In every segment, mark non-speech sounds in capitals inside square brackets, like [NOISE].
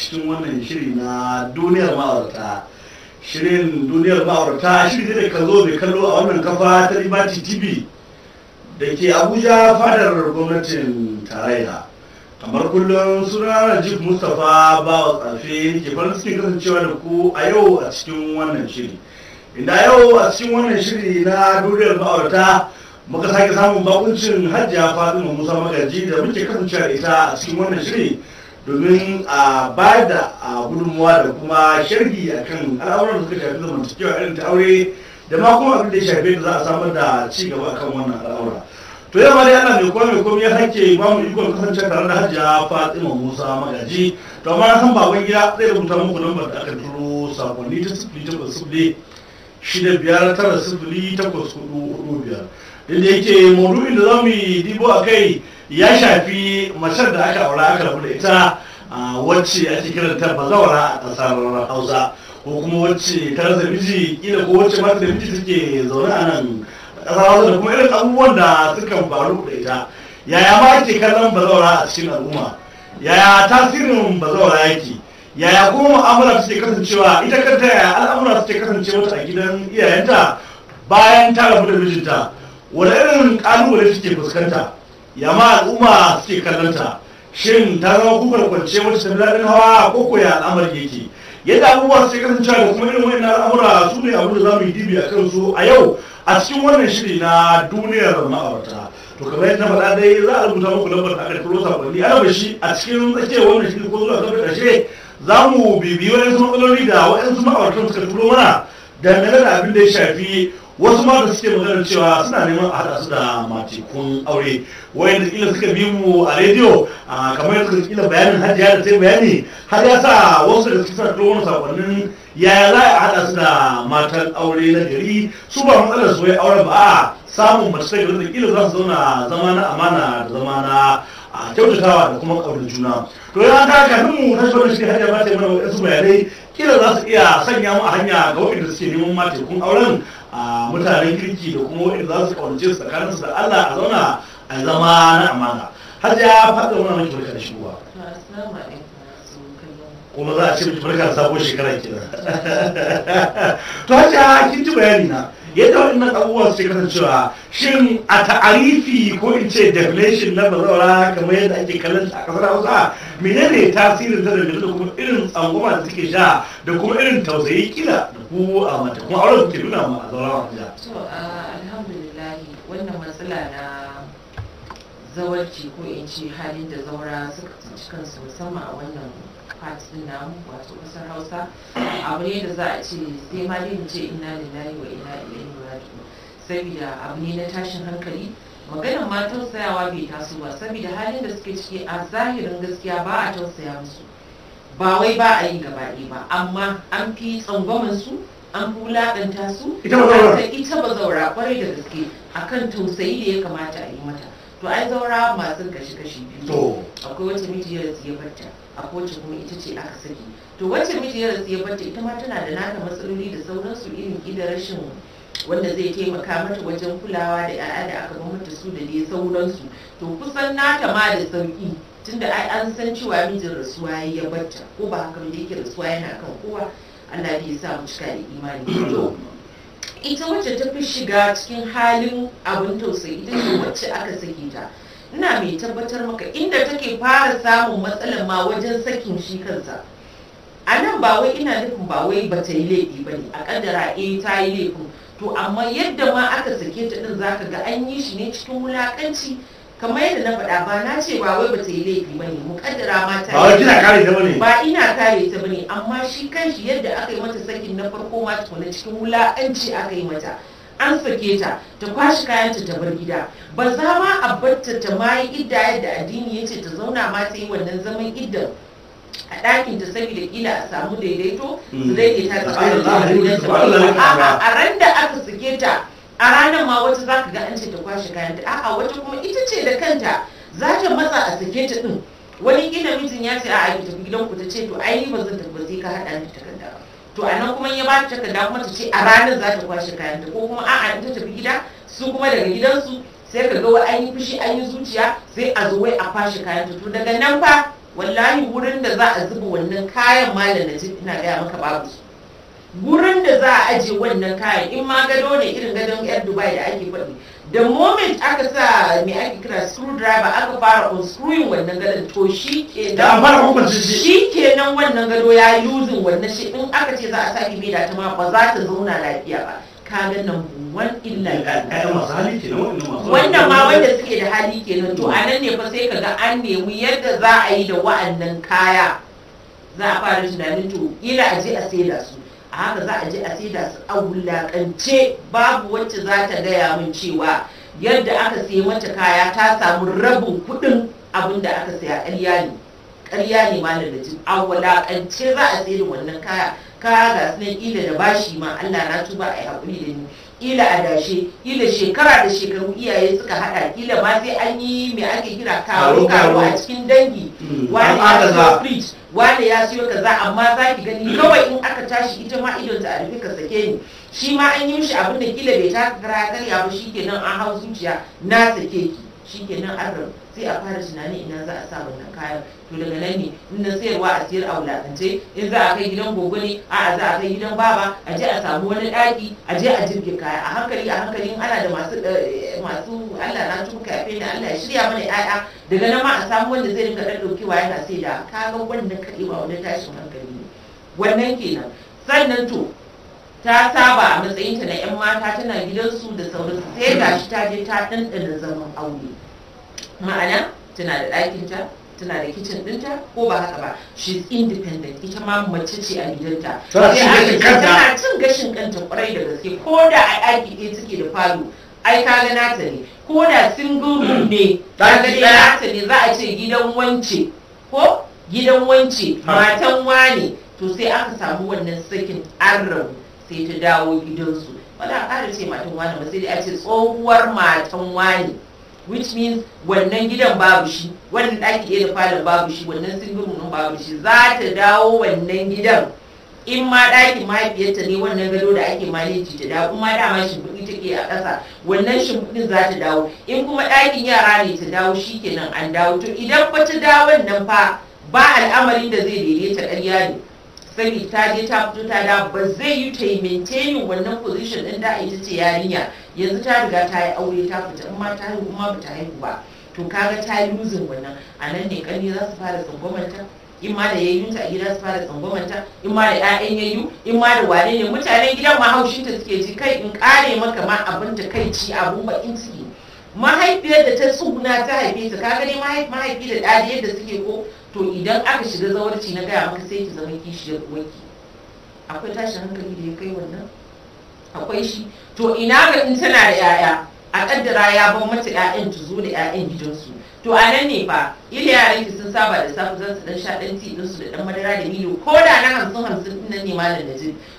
cikin wannan shiri na duniyar ma'aurata shirin duniyar ma'aurata shiri da ka zo mai kallo a wannan kafa ta ribati tv da ke abuja fadar gwamnatin tarayya kamar kullum suna rajib mustapha ba wa tsafe ke farin cikin kasancewa da ku a yau a cikin wannan shiri inda yau a cikin wannan shiri na duniyar ma'aurata muka sake samun bakuncin hajjiya fatima musa magaji da muke kasancewa da ita a cikin wannan shiri domin a bayar da gudunmuwa da kuma shirgi a kan al'amuran da suka shafi zamantakewa irin ta aure da ma kuma abin da ya shafi da za a samar da ci gaba a kan wannan al'aura. to yau ma dai ana mai kwame-kwame ya hake ba mu ikon kasance tare da hajiya fatima musa magaji to amma san wai gida zai rubuta muku lambar da aka turo sakonni ta sifili ta sifili shida biyar tara sifili takwas hudu hudu biyar da yake maudu'in da za mu yi dibo a kai ya shafi macen da aka aura aka rabu da ita wacce ake kiranta bazawara a ƙasar hausa ko kuma wacce ta rasa miji kila ko wacce mata da miji suke zaune a nan ƙasar hausa da kuma irin abubuwan da suka faru da ita yaya ma ake kallon bazawara a cikin al'umma yaya tasirin bazawara yake yaya kuma mu'amala suke kasancewa ita kanta yaya al'amura suke kasance mata a gidan iyayenta bayan ta rabu da mijinta wani irin ƙalubale suke fuskanta yamma al'umma suke kallonta shin ta zama kuka kwance wata ɗin hawa ko ko ya al'amar yake yadda abubuwa suke kasancewa da kuma irin wayannan al'amura su ne abu da za mu yi dibi a kan su a yau a cikin wannan shiri na duniyar ma'aurata to kamar yadda faɗa dai za a rubuta muku lambar da aka turo sakonni a shi a cikin tsakiyar wannan shiri ko zuwa kan ƙarshe za mu bibiyi wayansu matsaloli da wayansu ma'auratan suka turo mana dangane da abin da ya shafi wasu ma da suke magana cewa suna neman a haɗa su da matikun aure wayanda kila suka bi mu a rediyo a kamar yadda suka kila bayanin hajiya da ta bayani har ya sa wasu da suka suna wani sakonnin yaya za a haɗa su da matan aure na gari su ba matsalar su wai auren ba a samun mace ta gari da kila za su zauna zama na amana da zama na kyautatawa da kuma ƙaunar juna to ya ta ka mu ta shi sai ba ta yi mana wasu dai kila za su iya sanya mu a hanya ga waɗanda suke neman ma kun auren a mutanen kirki da kuma wanda za su kwance su tsakanin su da Allah a zauna a zama na amana har ya faɗa wannan mai barka da shigowa kuma za a ce miki barka da sabon shekara kenan [LAUGHS] to hajja kin ji bayani na yadda waɗannan su suke cewa shin a ta'arifi ko in ce definition na bazaura kamar yadda ake kallon a kasar hausa ne tasirin da da kuma irin tsangwama da suke sha da kuma irin tausayi kila da ku a mata kuma auren ke nuna ma a zaura wa ja. so alhamdulillah wannan matsala na zawarci ko in ce halin da zaura suka tsinci kansu musamman a wannan part namu wato kasar hausa abu ne da za a ce sai ma dai mu ina da yi wa da ilaihi raji'un saboda abu ne na tashin hankali maganar ma tausayawa bai taso ba saboda halin da suke ciki a zahirin gaskiya ba a tausaya musu ba wai ba a yi gaba ba amma an fi tsangwamin su an bulaɗanta su ita ba zaura kwarai da gaske akan tausayi da ya kamata a yi mata to ai zaura masu kashi-kashi biyu akwai wacce mijiyar ya barta akwai wacce kuma ita ce aka saki to wacce mijiyar ya barta ita ma tana da nata matsaloli da sauransu irin idan rashin wanda zai taimaka mata wajen kulawa da 'ya'ya da aka mata su da dai sauransu to kusan nata ma da sauki tunda ai an san cewa mijin rasuwa ya barta ko ba haka da yake rasuwa yana kan kowa Allah bai sa mu cika da imani to ita wacce ta fi shiga cikin halin abin tausayi ita ce wacce aka saki ta ina mai tabbatar maka inda take fara samun matsalar ma wajen sakin shi kansa a nan ba wai ina nufin ba wai ba ta yi laifi ba ne a kaddara e eh, ta yi laifin to amma yadda ma aka sake ta din zaka ga an yi shi ne cikin wulakanci kamar yadda na faɗa ba na ce ba wai ba ta yi laifi ba ne mu muƙaddara ma ta yi. ba ina kare ta ba ina kare ta bane amma shi kanshi yadda aka yi mata sakin na farko ma tukuna cikin wulakanci aka yi mata an sake ta ta kwashi kayanta ta bar gida ba za ma a batta ta ma yi idda yadda addini ya ce ta zauna ma ta yi wannan zaman iddan a ɗakin ta saboda kila a samu daidaito hmm. zai daidaita tsakanin da a ran da aka sake ta a ranar ma wata za ka ga an ce ta kwashe kayanta a'a wata kuma ita ce da kanta za ta matsa a sake ta ɗin wani kila mijin ya ce a'a ki tafi gidan ku ta ce to ai ba zan tafi sai ka haɗa ni ta kanta ba to a nan kuma ya ba ta takarda kuma ta ce a ranar za ta kwashe kayanta ko kuma a'a in ta tafi gida su kuma daga gidansu sai ka ga wai an yi fushi an yi zuciya sai a zo wai a kwashe kayanta to daga nan fa wallahi wurin da za a zuba wannan kayan malam na ina gaya maka babu gurin da za a ajiye wannan kayan in ma gado ne irin gadon yar dubai da ake faɗi the moment aka sa mai ake kira screwdriver aka fara unscrewing wannan gadon to shi ke nan shi ke nan wannan gado ya yuzin wannan shi in aka ce za a sa kimiyya ta ma ba za ta zauna lafiya ba kaga nan buwan illa wannan ma wanda suke da hali kenan to a nan ne fa sai ka ga an nemi yadda za a yi da wa'annan kaya za a fara tunanin to ila a je a da su a haka za a je a saida su a wulaƙance babu wacce za ta gaya min cewa yadda aka sayi mata kaya ta samu rabin kuɗin abin da aka saya ƙarya ne ƙarya ne da jin a wulaƙance za a sayi wannan kaya kaya ga sunan ila da bashi ma Allah na tuba a yi haƙuri da ni kila dashe kila shekara da shekaru iyaye suka hada kila ma sai an yi mai ake kira karo karo a cikin dangi mm. wani ya siyo fridge wani ya siyo kaza amma za ki gani kawai in aka tashi ita ma idon ta arfi ka sake ni shi ma an yi mishi abin da kila bai taka kara karya ba shikenan an hau zuciya na sake ki shikenan an rabu sai a fara tunani ina za a sa wannan kayan to daga nan ne inda na sayarwa a siyar a wulatance in za a kai gidan gogo ne a za a kai gidan baba a je a samu wani ɗaki a je a jirge kaya a hankali a hankali ana da masu eh, masu Allah na kai kafe ne Allah ya shirya mana 'ya'ya daga nan ma a samu wanda zai rinka ɗaukewa yana sai da kaga wannan kaɗai ba tashin hankali ne wannan kenan sannan to ta saba a matsayinta na 'yan mata tana gidansu da sauransu sai gashi ta je ta ɗanɗana zaman aure ma'ana tana da ɗakinta tana da kicin ɗinta ko ba haka ba she independent ita ma mace ce a gidanta tana cin gashin kanta kwarai da gaske ko da a ɗaki ɗaya da falo ai ka ga nata ne ko da single room ne ka ga nata ne za a ce gidan wance ko gidan wance matan wane to sai aka samu wannan sakin an sai ta dawo gidansu wala a ƙara ce matan wane ba sai dai a ce tsohuwar matan wane which means wannan gidan babu shi wannan ɗaki ɗaya da falon babu shi wannan sirrin ɗin babu shi za ta dawo wannan gidan in ma ɗakin mahaifiyarta ne wannan gado da ake maneji ta dawo kuma dama shimfiɗi take a ƙasa wannan shimfiɗin za ta dawo in kuma ɗakin yara ne ta dawo shi kenan an dawo to idan ba ta dawo nan fa ba al'amarin da zai daidaita ƙarya ne sani ta je ta fito ta da ba zai yi ta yi maintaining wannan position din da ita ce yarinya yanzu ta riga ta yi aure ta fita in ma ta haihu kuma ba ta haihu ba to kaga ta yi losing wannan a nan ne kani za su fara tsangwamanta in ma da yayyun ta gida su fara tsangwamanta in ma da 'ya'yan yayyu in ma da wane ne mutanen gidan ma haushin ta suke ji kai in kare maka ma abin ta kai ci abun bakin ciki mahaifiyar da ta tsuguna ta haife ta ka gani mahaifi da ɗari yadda suke ko to idan aka shiga zawarci na gaya maka sai ki zama kishiyar wanki. akwai tashin hankali da ya kai wannan akwai shi to ina ga in tana da yaya a kaddara ya bar mata yayan ta zo da yayan gidansu to a nan ne fa ila yaran ki sun saba da safe zan su dan sha dan ti din su da dan madara da milo ko da na hamsin hamsin din nan ne malam da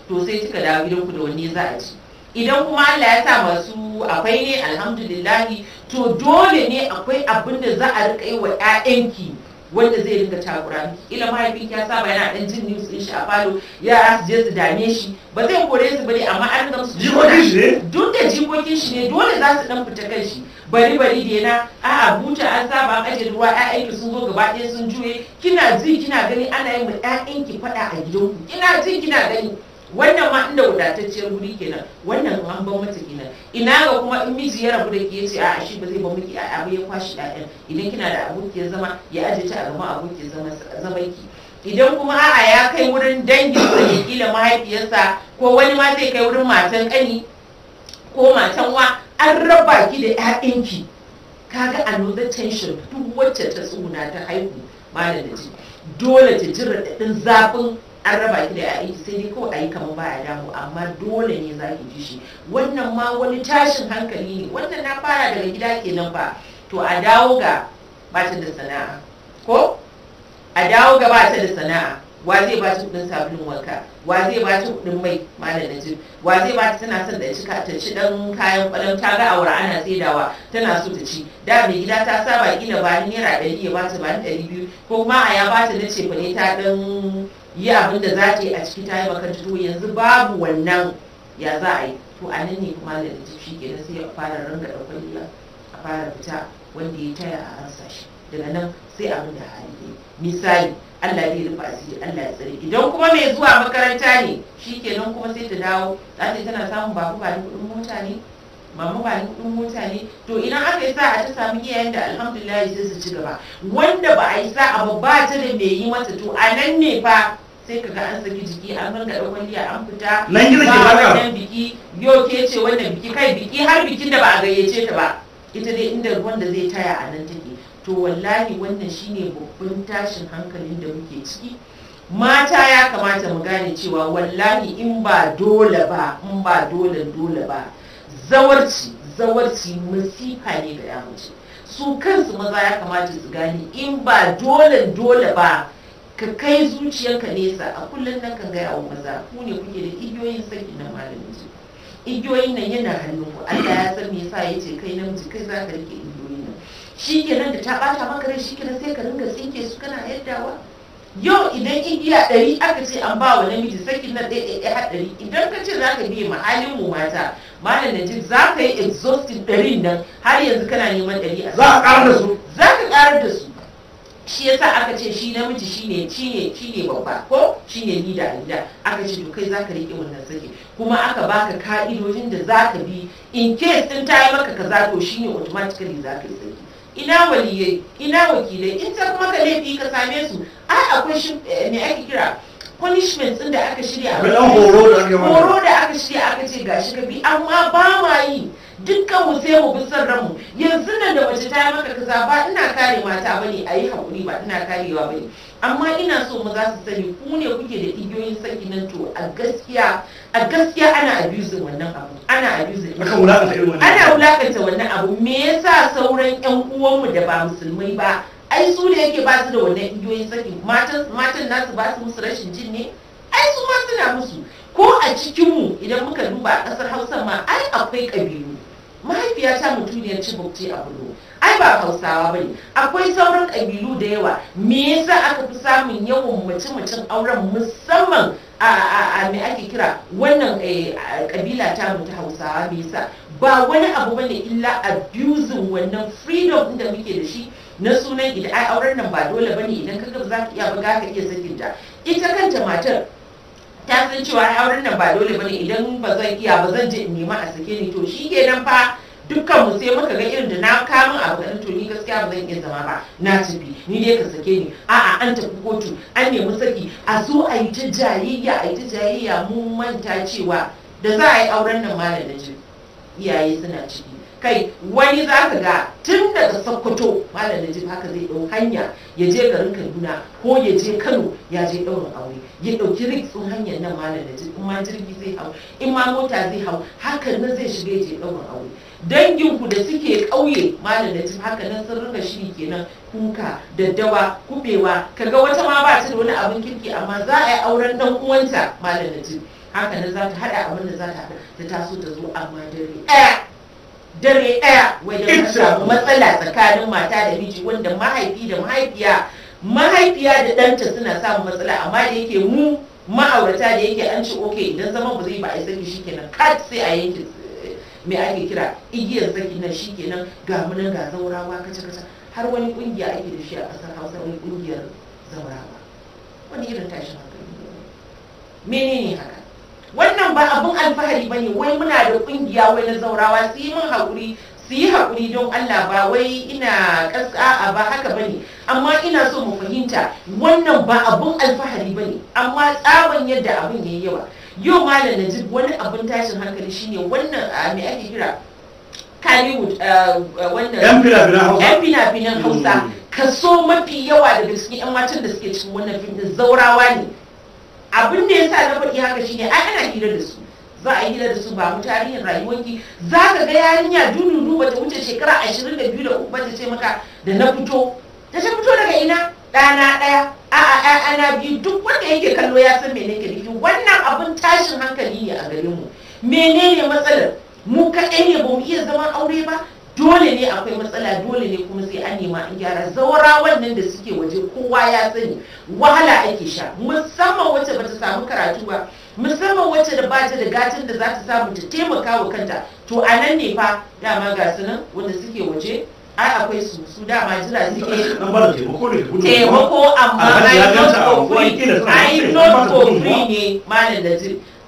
to sai kika dawo gidanku da wanne za a ci idan kuma Allah ya sa masu akwai ne alhamdulillahi to dole ne akwai abin da za a rika yi wa ƴaƴanki wanda zai rinka takura ila mahaifin ya saba yana dan jin news din shi a falo yara su je su dame shi ba zai kore su bane amma an rinka su. jikokin shi ne duk da jikokin shi ne dole za su dan fita kan shi bari bari da yana a abuja an saba an ruwa ƴaƴanki sun zo gaba ɗaya sun juye kina ji kina gani ana yi ma ƴaƴan ki faɗa a gidanku kina ji kina gani wannan ma inda wadatacciyar guri kenan wannan an ban mata kenan ina ga kuma in miji ya rabu da ke ce a shi ba zai ba miki a abu ya kwashi ɗayan idan kina da abokiyar zama ya aje ta a gaban abokiyar zama ki idan kuma a'a ya kai wurin dangin da ya kila mahaifiyarsa ko wani ma zai kai wurin matan ƙani ko matan wa an raba ki da 'ya'yanki kaga another tension duk wacce ta tsuna ta haihu malam da dole ta ji raɗaɗin zafin an raba ki da yayi sai dai kawai ayi kamar ba a damu amma dole ne za ki ji shi wannan ma wani tashin hankali ne wannan na fara daga gida kenan ba to a dawo ga bata da sana'a ko a dawo ga bata da sana'a wa zai ba ta kudin sabulun wanka wa zai ba ta kudin mai da jin wa zai ba ta tana son da cika ta ci dan kayan kwalam ta ga awara ana saidawa tana so ta ci da mai gida ta saba kila ba naira ɗari ya ba ta ba ɗari biyu ko kuma a ya ba ta na ce fa ne ta dan yi abin da za ta yi a ciki ta yi makarantu to yanzu babu wannan ya za a yi to a nan ne kuma da shi ke sai a fara ranga da kwalliya a fara fita wanda ya taya a ansa shi daga nan sai abin da hali ne misali Allah ya rufe asiri Allah ya tsare idan kuma mai zuwa makaranta ne shi kenan kuma sai ta dawo za ta tana samun babu ba da kuɗin mota ne mama ba ni kudin mota ne to idan aka yi sa'a ta samu iyayen da alhamdulillah sai su ci gaba wanda ba a yi sa'a ba ba ta da mai yi mata to a nan ne fa sai ka ga an saki jiki an murga da kwalliya an fita nan gina ke wannan biki yau ke ce wannan biki kai biki har bikin da ba a gayyace ta ba ita dai inda ruwan da zai taya a nan take to wallahi wannan shine babban tashin hankalin da muke ciki mata ya kamata mu gane cewa wallahi in ba dole ba in ba dole dole ba zawarci zawarci masifa ne ga yawanci su kansu maza ya kamata su gane in ba dole dole ba ka kai zuciyarka nesa a kullum nan kan gaya wa maza ku ne kuke da igiyoyin sakin na malamin igiyoyin nan yana hannun ku Allah ya san me yasa yace kai namiji kai za ka rike igiyoyin nan shi nan da ta ɓata maka rai shi nan sai ka ringa tsinke su kana yaddawa yau idan igiya ɗari aka ce an ba wa namiji sakin na ɗaya ɗaya ɗari idan ka ce za ka biya halin mu mata malam najib za ka yi exhaustin ɗarin nan har yanzu kana neman ɗari a za a ƙara da su za ka ƙarar da su shi yasa aka ce shi namiji shi ne babba ko ne ni da alida aka ce to kai ka riƙe wannan sake kuma aka baka ka'idojin da za ka bi in case din ta yi maka kaza to ne automatically ka yi ina waliyai ina wakilai in ta kuma ka laifi ka same su ai akwai eh, me ake kira punishment din da aka shirya a wajen horo da aka horo da aka shirya aka ce gashi ka bi amma ba ma yi dukkan mu sai mu bi san ranmu yanzu nan da mace ta maka kaza ba ina kare mata bane ayi hakuri ba ina karewa bane amma ina so mu za su sani ku ne kuke da igiyoyin saki nan to a gaskiya a gaskiya ana abuse wannan abu ana abuse ana wulakanta wannan abu me yasa sauran yan uwanmu da ba musulmai ba ai su ne yake ba su da wannan igiyoyin saki matan matan nasu ba su musu rashin jin ne ai su ma suna musu ko a cikinmu idan muka duba a ƙasar hausa ma ai akwai ƙabilu mahaifiyata mutuniyar cibokci a bulo ai ba hausawa bane akwai sauran ƙabilu da yawa me yasa aka fi samun yawan mace-macen auren musamman a me ake kira wannan eh, ƙabila ta mu ta hausawa me yasa ba wani abu bane illa abusing wannan freedom da muke da shi na sunan idan ai auren nan ba dole bane idan kaga za ka iya ba ka iya ta ita kanta matar ta san cewa auren nan ba dole bane idan ba zan iya ba zan je in nema a sake ni to shi ke kenan fa dukkan mu sai muka ga irin da na kamun abu da to ni gaskiya ba zan iya zama ba na tafi ni dai ka sake ni a'a an tafi kotu an nemi saki a zo a yi ta jayayya a yi ta jayayya mun manta cewa da za a yi auren nan malam da iyaye suna ciki kai wani za ka ga tun daga sokoto malam najib haka zai ɗau hanya ya je garin kaduna ko ya je kano ya je ɗaurin aure ya ɗauki rikitsin hanyar nan malam najib in ma jirgi zai hau in ma mota zai hau Haka na zai shiga ya je ɗaurin aure danginku da suke ƙauye malam najib haka nan sun rinka shiri kenan kuka daddawa kubewa kaga wata ma ba ta da wani abin kirki amma za a yi auren dan uwanta malam najib haka nan za ta haɗa abin da za ta ta taso ta zo amma dare ɗaya dare ɗaya wajen samu matsala tsakanin mata da miji wanda mahaifi da mahaifiya mahaifiya da ɗanta suna samun matsala amma da yake mu ma'aurata da yake an ci oke idan zaman ba zai ba a yi saki shikenan kat sai a yanke eh, me ake kira igiyar saki nan shikenan ga munan ga zaurawa kaca kaca har wani kungiya ake da shi a ƙasar Hausa wani kungiyar zaurawa wani irin tashin hankali menene haka wannan ba abin alfahari bane wai muna da kungiya wai na zaurawa su yi min haƙuri su yi haƙuri don Allah ba wai ina ƙasa ba haka bane amma ina so mu fahimta wannan ba abin alfahari bane amma tsaban yadda abin yi yawa yau malam Najib wani abin tashin hankali shine wannan mai ake kira wannan yan fina-finan Hausa mm. kaso mafi yawa daga cikin 'yan matan da suke cikin wannan fina zaurawa ne abin yasa na faɗi haka shine ai ana hira da su za a yi hira da su ba mu tarihin rayuwarki za ka ga yarinya dudu wata wuce shekara ashirin da biyu da uku bata ce maka da na fito ta ce fito daga ina ɗana ɗaya a ana biyu duk wanda yake kallo ya san mene ke nufi wannan abin tashin hankali ne a garin mu menene matsalar mu kaɗai ne ba mu iya zaman aure ba dole ne akwai matsala dole ne kuma sai an nema an gyara zaura wannan da suke waje kowa ya sani wahala ake sha musamman wacce bata samu karatu ba musamman wacce da bata da gatin da za ta samu ta taimaka wa kanta to a nan ne fa dama ga su nan wanda suke waje ai akwai su su dama jira suke taimako amma ai not for free ne malam da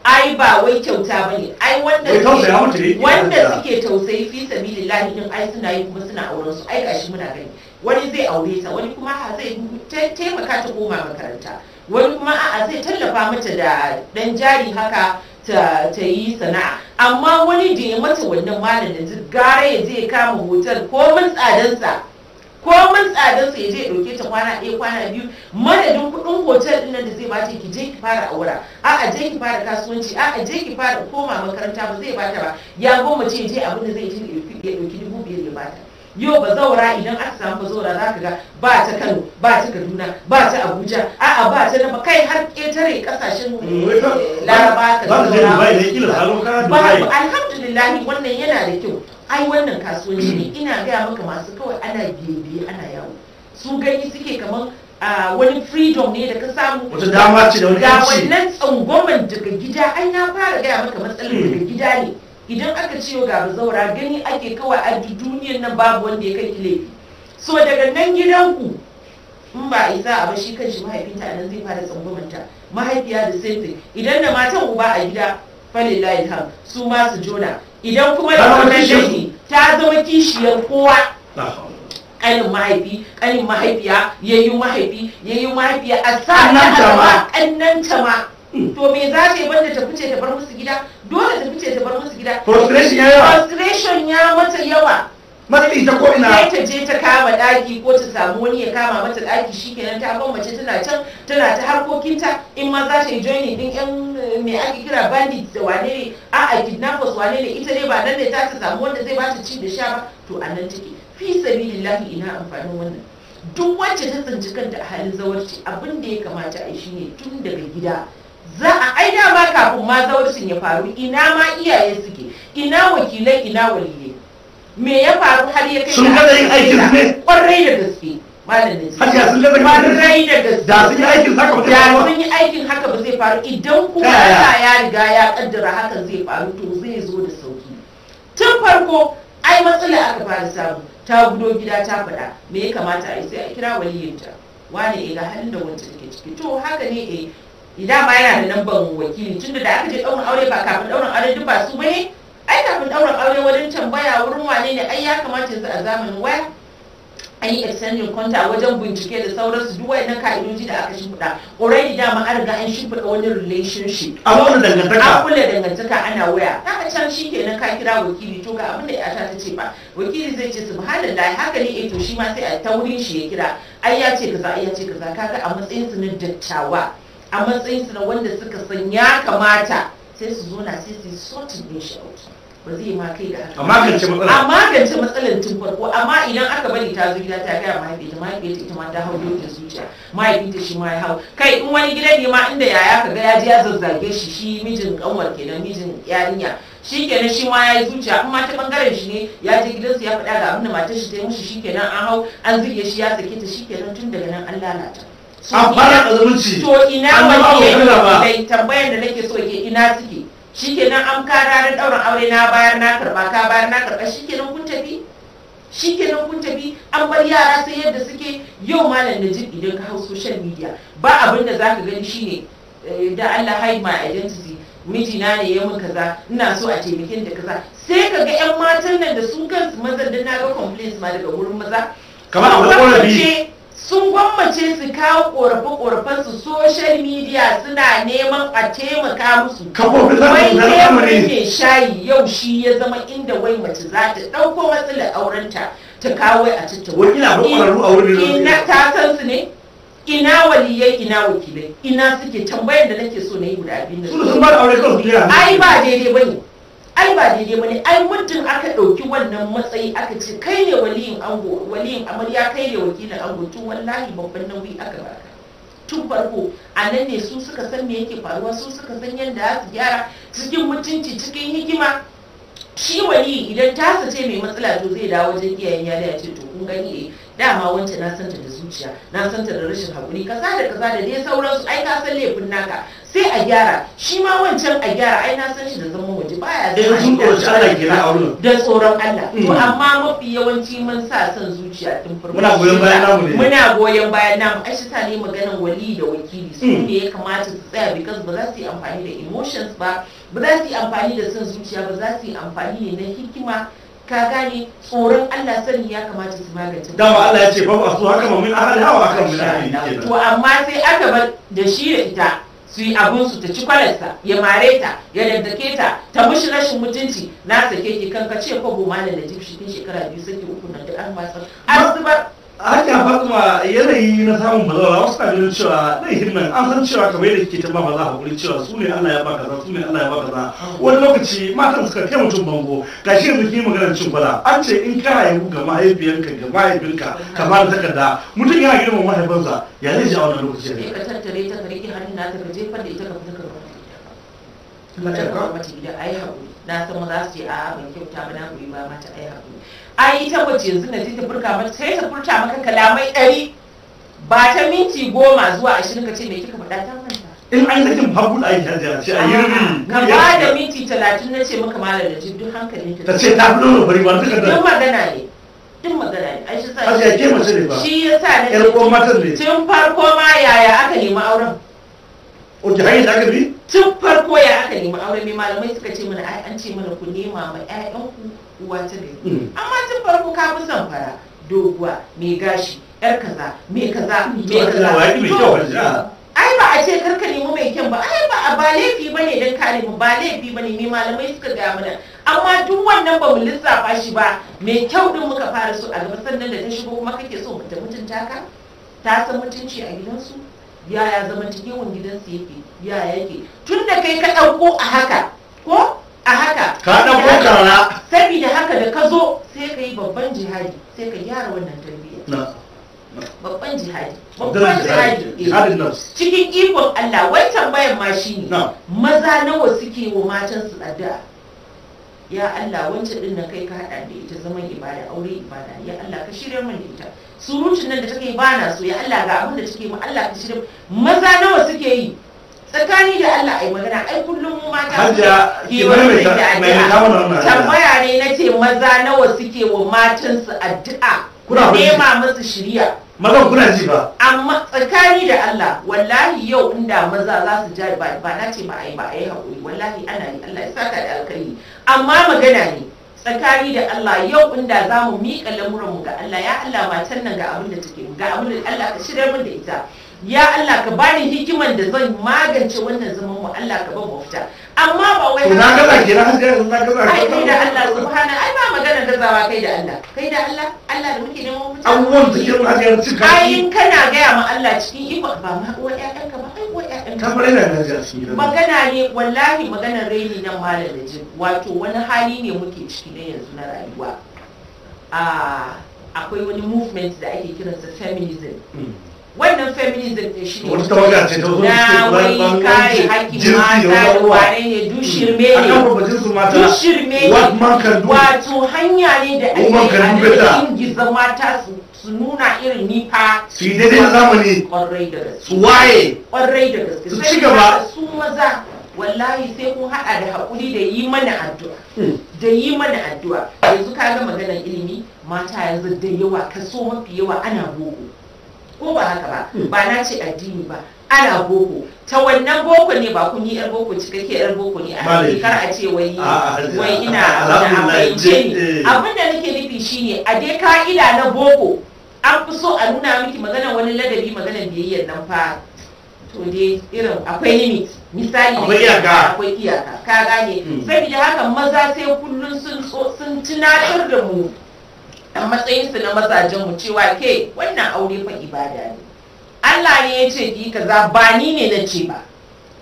ai ba wai kyauta ba ne ai wanda suke tausayi fi lahi din ai suna yi kuma suna auren su ai gashi muna gani wani zai aure ta wani kuma ha zai taimaka ta koma makaranta wani kuma a zai tallafa mata da dan jari haka ta, yi sana'a amma wani da ya mata wannan malam da gara ya zai kama hotel ko mun tsadansa ko mun tsadar ya je dauke ta kwana ɗaya kwana biyu madadin kuɗin hotel ɗin nan da zai bata ki je ki fara aura a'a je ki fara kasuwanci a'a je ki fara koma makaranta ba zai bata ba ya goma ce je abin da zai ci ya dauki dubu biyar ya bata yau ba zaura idan aka samu ba zaura za ka ga ba ta kano ba ta kaduna ba ta abuja a'a ba ta nama kai har ƙetare ƙasashen mm, laraba ka zaura ba alhamdulillahi wannan yana da kyau ai wannan kasuwanci ne ina gaya maka masu kawai ana biye-biye ana yawo su gani suke kamar wani freedom ne da ka samu wata dama ce da wani yanci ga wannan tsangwaman daga gida ai na fara gaya maka matsalar hmm. daga gida ne idan aka ce ga zaura gani ake kawai a duniyar nan babu wanda ya kai laifi so daga nan gidanku in ba isa a bashi kan shi mahaifinta nan zai fara tsangwamanta mahaifiya da sai idan da matan uba a gida falin laifin su ma su jona idan kuma da wannan ne ta zama kishiyar kowa kanin mahaifi kanin mahaifiya yayin mahaifi yayin mahaifiya a sa ta ma kannanta ma to me za ta yi wanda ta fice ta bar musu gida dole ta fice ta bar musu gida frustration ya yawa frustration ya mata yawa mafi ta ko ina ta je ta kama daki ko ta samu wani ya kama mata daki shikenan ta ban mace tana can tana ta harkokinta in ma za ta yi joining din yan eh, me ake kira bandit da wane ne a a kidnappers wane ne ita ne ba nan ne ta ta samu wanda zai ba ta ci da sha ba to a nan take fi sabilillahi ina amfanin wannan duk wacce ta tsinci kanta a halin zawarci abin da ya kamata a yi shine tun daga gida za a ai dama kafin ma zaurcin ya faru ina ma iyaye suke ina wakilai ina waliyai me ya faru har ya kai sun gaza yin aikin ne kwarai da gaske malamin kwarai da sun yi aikin haka ba da aikin haka ba zai faru idan kuma Allah ya riga ya kaddara hakan zai faru to zai zo da sauki tun farko ai matsala aka fara samu ta gudo gida ta faɗa me ya kamata a yi sai a kira waliyinta Wani ga halin da wancan take ciki to haka ne eh idan ma yana da namban wakili tunda da aka je ɗaurin aure ba kafin ɗaurin aure duk ba su bane ai kafin ɗaurin aure wajen tambaya wurin wane ne ai ya kamata su a zamanin waya an yi extending a wajen bincike da sauransu duk wayannan ka'idoji da aka shimfiɗa already ma an riga an shimfiɗa wani relationship a wani dangantaka a kulle dangantaka ana waya haka can shi ke nan ka kira wakili to ga abin da ya ta ce ba wakili zai ce subhanallah haka ne eh to shi ma sai a taurin shi ya kira ai ya ce kaza ai ya ce kaza kaga a matsayin su na dattawa a matsayinsu na wanda suka san ya kamata sai su zo na sai su yi sortin din shi out ba zai ma kai da haka a magance matsalar a magance matsalar tun farko amma idan aka bari ta zo gida ta gaya mahaifiyarta mahaifiyarta ita ma ta hau da zuciya mahaifinta shi ma ya hau kai in wani gida ne ma inda yaya ka ga ya ji ya zazzage shi shi mijin kanwar kenan mijin yarinya shi kenan shi ma ya yi zuciya kuma ta bangaren shi ne ya je gidansu ya faɗa ga abinda matar shi ta yi mushi shi kenan an hau an zirya shi ya sake ta shi kenan tun daga nan an lalata an fara da to ina wani tambayar da nake so ke ina suke shikenan an ka ranar ɗaurin aure na bayar na karba ka bayar na karba shikenan kun tafi shikenan kun tafi an bar yara sai yadda suke yau malam da jin idan ka hau social media ba abin da zaka gani shine eh, da Allah hide my identity mijina ne ya mun kaza ina so a taimakin da kaza sai ka ga yan matan nan da su kansu mazan da na ga complaints ma daga wurin maza kamar a korafi sun gwammace su kawo korafe-korafen su social media suna neman a taimaka musu wai teburin ne shayi yau shi ya zama inda wai mace za ta ɗauko matsalar aurenta ta kawo a tattauna ina ta san su ina waliyai ina wakilai ina suke tambayar da nake so na yi guda biyu ai ba daidai bane ai ba daidai bane ai muddin aka ɗauki wannan matsayi aka ce kai ne waliyin ango waliyin amarya kai ne wakilin ango tun wallahi babban nauyi aka baka tun farko a nan ne su suka san me yake faruwa su suka san yadda su gyara cikin mutunci cikin hikima shi waliyi idan ta ce mai matsala to zai dawo wajen iyayen yare ya ce to kun gani eh dama wancan na santa da zuciya na santa da rashin hakuri kasa da kaza da dai sauransu ai ka san laifin naka sai a gyara shi ma wancan a gyara ai na san shi da zama waje baya da yanzu da tsara gina a wurin da tsoron Allah to hmm. amma mafi yawanci mun sa son zuciya tun farko muna goyon bayan namu ne muna goyon bayan namu ai shi sani magana wali da wakili su hmm. ne ya kamata su tsaya because ba za su yi amfani da emotions ba ba za su yi amfani da son zuciya ba za su yi amfani ne na hikima ka gane tsoron Allah sani ya kamata su magance dama Allah ya ce ba so haka mamin ahal hawa haka mamin ahal to amma sai aka bar da shi da ita su yi su ta ci kwalarsa ya mare ta ya daddake ta ta mushi rashin mutunci na sake ke kan ka ce ko goma da jibshi kin shekara biyu sake uku na duk an matsar asibar haka fatima yanayi na samun bazawara wasu na ganin cewa laifin nan an san cewa kamar yadda kike ba maza hakuri cewa su ne Allah ya ba kaza su ne Allah ya ba kaza wani lokaci matan suka kai mutum bango shi yanzu kin magana cin kwala an ce in ka haihu ga mahaifiyanka ga mahaifinka kamar takarda mutum yana girman mahaifinsa ya zai ji a wani lokaci ne na ta gaje jefar da ita ka fita ba mata ba mata gida ai haƙuri na san za su ce a ban kyauta ba na ba mata ai haƙuri ai ita mace yanzu na ta burka ba sai ta furta maka kalamai ɗari ba ta minti goma zuwa ashirin ka ce me kika faɗa ta manta in an da babu da aisha da ce a yi ka ba da minti talatin na ce maka malar da duk hankalin ta ce ta fito bari ba duka da duk magana ne duk magana ne ai shi sa shi ya sa ne tun farko ma yaya aka nemi auren ok hanyar da aka bi tun farko ya aka nemi aure ne malamai suka ce mana ai an ce mana ku nema ma ƴaƴan uwa ta gari hmm. amma tun farko ka fi son fara doguwa mai gashi yar kaza me kaza me hmm, kaza ai ba a ce karka nemi mai kyan ba ai ba ba laifi bane dan ka nemi ba laifi bane me malamai suka ga mana amma duk wannan ba mu lissafa shi ba mai kyau din muka fara so albasan nan da ta shigo kuma kake so mu mutunta ka ta san mutunci a gidansu yaya zamantakewan gidansu yake yaya yake tun da kai ka ɗauko a haka ko a haka ka ɗauko kara saboda haka da ka zo sai ka yi babban jihadi sai ka gyara wannan tarbiyya babban jihadi babban jihadi cikin ikon Allah wai tambayan ma shi ne maza nawa suke wa matansu addu'a ya Allah wancan din nan kai ka hada da ita zaman ibada aure ibada ya Allah ka shirya mun ita surutun nan da take ba na so ya Allah ga abin da take mu Allah ka shirin maza nawa suke yi tsakani da Allah ai magana ai kullum mu mata hajja ki bari mai tambaya ne nace maza nawa suke wa matan su addu'a kuna nema musu shiriya maza kuna ji ba amma tsakani da Allah wallahi yau inda maza za su ji ba na ce ba ai ba ai hakuri, wallahi ana yi Allah ya saka da alkhairi amma magana ne tsakani da Allah yau inda za mu miƙa lamuranmu ga Allah ya Allah matan nan ga abin da take ga abin da Allah ka shirya mun da ita ya Allah ka ni hikiman da zan magance wannan zaman mu Allah ka ban mafita amma ba wai na ga ki na ga na gaza ai kai da Allah subhana ai ba magana zawa kai da Allah kai da Allah Allah da muke neman mutane abubuwan da kiran haka cikin ai kana ga ya ma Allah cikin iko ba ma uwa ƴaƴanka ba magana ne wallahi maganar raini nan malam jin wato wani hali ne muke ciki na yanzu na rayuwa akwai wani movement da ake kiran sa feminism hmm. wannan feminism ne shi ne wata na wani kare haƙƙin mata wane ne dushirme ne dushirme ne wato hanya ne da ake a ingiza mata su su nuna irin ni fa su yi daidai zamani kwarai da gaske su waye kwarai da gaske su ci gaba su maza wallahi sai kun hada da hakuri da yi mana addu'a da yi mana addu'a yanzu ka ga maganar ilimi mata yanzu da yawa kaso mafi yawa ana boko ko hmm. ba haka ba ba na ce addini ba ana boko ta wannan boko ne ba kun yi yar er boko cikakke yar boko ne a kar a ce wai ah, ah, ah, wai ina da abin da nake nufi shine a dai ka'ida na boko an fi so a nuna miki magana wani ladabi magana biyayyar nan fa to dai irin akwai limit misali akwai iyaka akwai iyaka ka gane hmm. saboda haka maza sai kullum sun sun tunatar da mu a matsayinsu na mazajen mu cewa ke wannan aure fa ibada ne Allah ne ya ce ki kaza ba ni ne na ce ba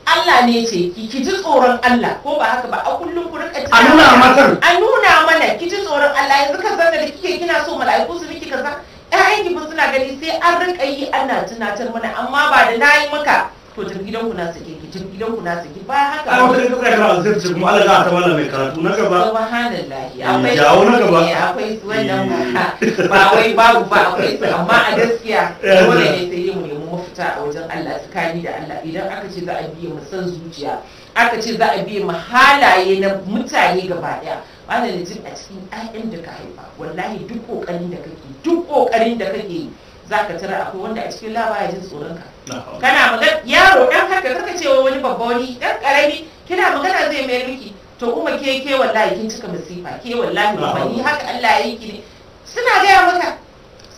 Allah ne ya ce ki ki ji tsoron Allah ko ba haka ba a kullum ku rika a nuna mana ki ji tsoron Allah yanzu ka da kike kina so mala'iku su miki kaza ƴaƴan ki suna gani sai an rinka yi ana tunatar mana amma ba da yi maka to tafi gidan ku na sake ki tafi gidan ku na sake ba haka ba wata kuka ta azir ce kuma Allah za ta wala mai karatu na gaba subhanallahi akwai eh, jawo na gaba eh, akwai wannan eh. ba wai babu ba akwai su amma a gaskiya dole ne sai mu nemi mafita a wajen Allah tsakani da Allah idan aka ce za a biye mu san zuciya aka ce za a biye mu halaye na mutane gaba daya da jin a cikin 'ya'yan da ka haifa wallahi duk kokarin da kake duk kokarin da kake yi zaka tara akwai wanda a cikin laba tsoronka. jin tsoron ka kana magana yaro dan haka kaka cewa wani babba wani ɗan karami kina magana zai mayar miki to kuma ke ke wallahi kin cika masifa ke wallahi ba ni haka Allah ya yi ki ne suna gaya maka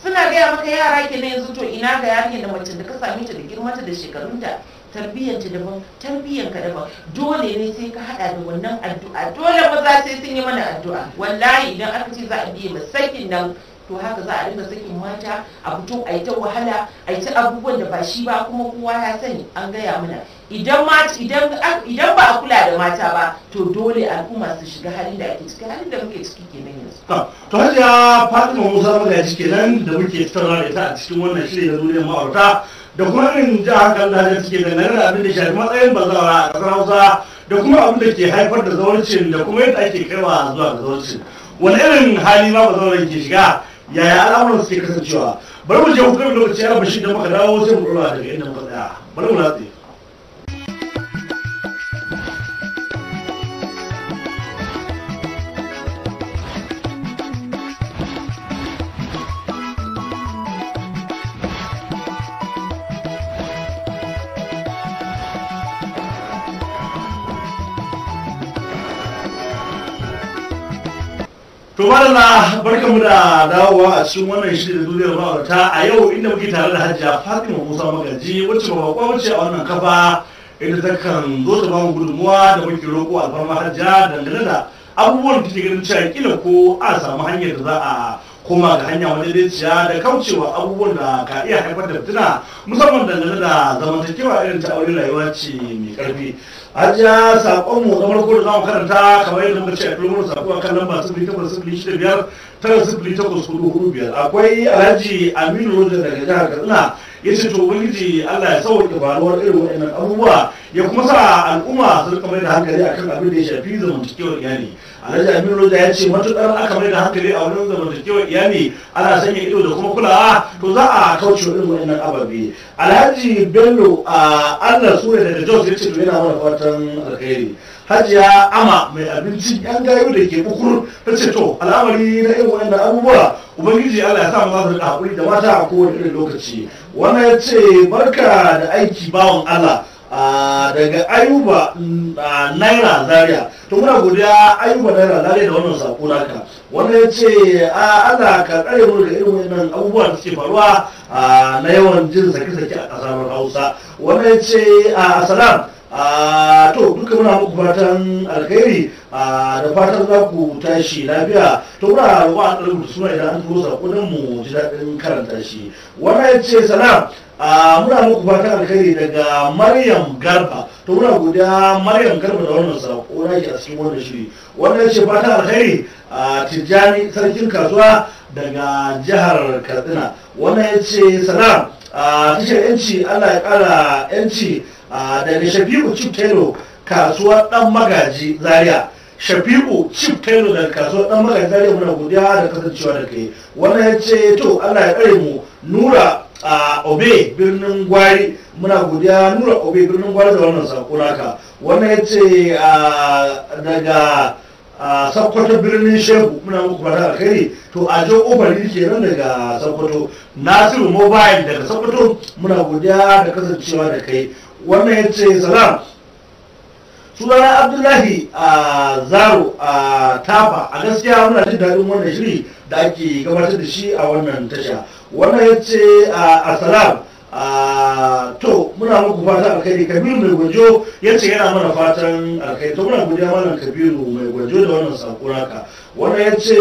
suna maka yara ke na yanzu to ina ga yarin da mace da ka same ta da girmanta da shekarunta tarbiyyanta daban tarbiyyanka daban dole ne sai ka hada da wannan addu'a dole ba za sai sun yi mana addu'a wallahi idan aka ce za a biye sakin nan to haka za a dinga sakin mata a fito a yi ta wahala a yi ta abubuwan da ba shi ba kuma kowa ya sani an gaya mana idan idan ba a kula da mata ba to dole al'umma su shiga halin da ake ciki halin da muke ciki kenan yanzu ah, to hajiya fatima musa magaji kenan da muke tattauna da ita a cikin wannan shirin na duniyar ma'aurata da kuma irin jihar hankali da suke da nan abin da shafi matsayin bazawara a ƙasar hausa da kuma abin da ke haifar da zawarcin da kuma yadda ake kaiwa zuwa ga zawarcin wani irin hali ma bazawaran ke shiga yaya al'amuran suke kasancewa bari mu je hukumar lokaci ya bashi da muka dawo sai mu ɗora daga inda muka tsaya bari mu latsi madalla mu da dawowa a cikin wannan shirin duniyar ma'aurata a yau inda muke tare da hajjia fatima musa magaji wacce ba kwa wacce a wannan kafa inda ta kan zo ta bamu gudunmuwa da muke roƙo alfarma hajjia dangane da abubuwan da ke ganin cewa kila ko a samu hanyar da za a kuma ga hanya madaidaiciya da kaucewa abubuwan da ka iya haifar da fitina musamman da da zamantakewa irin ta aure rayuwa ce mai karfi hajiya sakon mu na farko da zamu karanta kamar yadda muka ce a filin sako a kan lamba sifili sifili shida biyar tara sifili takwas hudu biyar akwai alhaji aminu da daga jihar katsina ya ce to ubangiji allah ya sauke faruwar irin waɗannan abubuwa ya kuma sa al'umma su rika mai da hankali akan abin da ya shafi zamantakewar iyali alhaji aminu Roja ya ce matuƙar aka mai da hankali a wurin zamantakewar iyali ana sanya ido da kuma kulawa to za a kauce irin wannan ababe alhaji bello a allah sura da jos ya ce to yana mana fatan alkhairi hajiya ama mai abinci yan gayu da ke bukur ta ce to al'amari na irin wannan abubuwa ubangiji allah ya sa mu za da haƙuri da mata a kowane irin lokaci wannan ya ce barka da aiki bawan allah daga ayuba naira zaria to muna godiya ayuba naira zaria da wannan sako naka wanda ya ce ana ka tsare mu daga irin wannan abubuwa da suke faruwa na yawan jin zaki-zaki a ƙasar hausa wanda ya ce a salam to duka muna muku fatan alkhairi da fatan za ku tashi lafiya to muna a an ɗaukar suna idan an turo nan mu ji daɗin karanta shi wannan ya ce salam a ah, muna muku fatan alkhairi daga maryam garba to muna godiya maryam garba da wannan sako na ke a cikin wannan shiri wannan ce fatan alkhairi a ah, tijjani sarkin kasuwa daga jihar katsina wannan ya ce salam a ah, tashar yanci allah ya kara yanci daga Shafiqu chip taylor kasuwar dan magaji zaria shafi'u chip taylor daga kasuwar dan magaji zaria muna godiya da kasancewa da kai wannan ya ce to allah ya kare mu nura a obe birnin gwari muna godiya nura obe birnin gwari da wannan sako naka wannan ya ce daga sakkwato birnin shehu muna muku fata alkhairi to a jo obari nan daga sakkwato nasiru mobile daga sakkwato muna godiya da kasancewa da kai wannan ya ce salam sunana abdullahi a zaro a tafa a gaskiya muna jin daɗin wannan shiri da ake gabatar da shi a wannan tasha wannan ya ce a salam to muna muku fatan alkhairi kabiru mai gwajo ya ce yana mana fatan alkhairi to muna godiya mallam kabiru mai gwajo da wannan sako wannan ya ce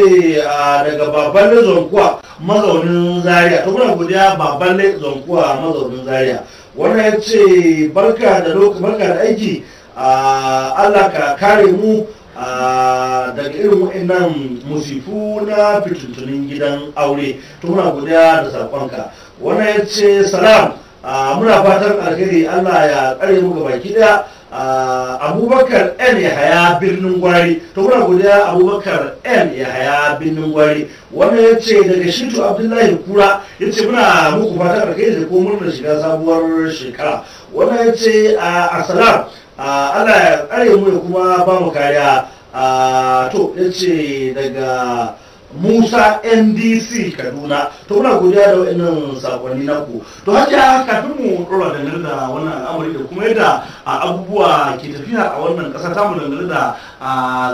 daga baban zonkuwa mazaunin zaria to muna godiya baban zonkuwa mazaunin zaria wannan ya ce barka da aiki Allah ka kare mu Ah, daga irin wa'annan musifu na fitintunin gidan aure to muna godiya da saƙonka wannan ya ce salam ah, muna fatan alheri allah ya tsare muka baki daya ah, abubakar n yahaya birnin gwari to muna godiya abubakar n yahaya birnin gwari wannan ya ce daga shitu abdullahi kura ya ce muna muku fatan alheri da ko da shiga sabuwar shekara wannan ya ce a salam Allah ya mu ya kuma ba mu kariya to ya ce daga musa ndc kaduna to muna godiya da wa'annan sakonni na ku to hajiya kafin mu ɗora da da wannan al'amari da kuma yadda abubuwa ke tafiya a wannan ƙasa tamu dangane da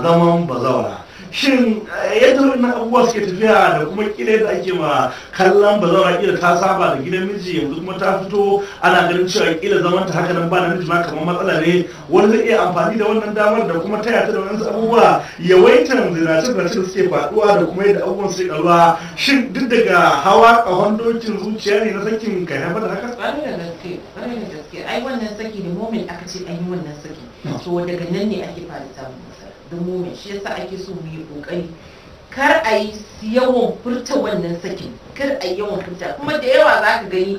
zaman bazawara shin eh, yadda wannan abubuwa suke tafiya da kuma kila yadda ake ma kallon ba zaura kila ta saba da gidan miji yanzu kuma ta fito ana ganin cewa kila zaman ta haka nan ba namiji ma kamar matsala ne wani zai iya amfani da wannan damar da kuma taya ta da wani abubuwa yawaitan zinace cin suke faduwa da kuma yadda abubuwan suke karuwa shin duk daga hawa kahon dokin zuciya ne na sakin ka haifar da haka? tsari da gaske, da gaske, ai wannan saki ne momin aka ce an yi wannan saki, so daga nan ne ake fara samu. the moment shi yasa ake so mu yi kokari kar a yi yawan furta wannan sakin kar a yi yawan furta kuma da yawa za ka gani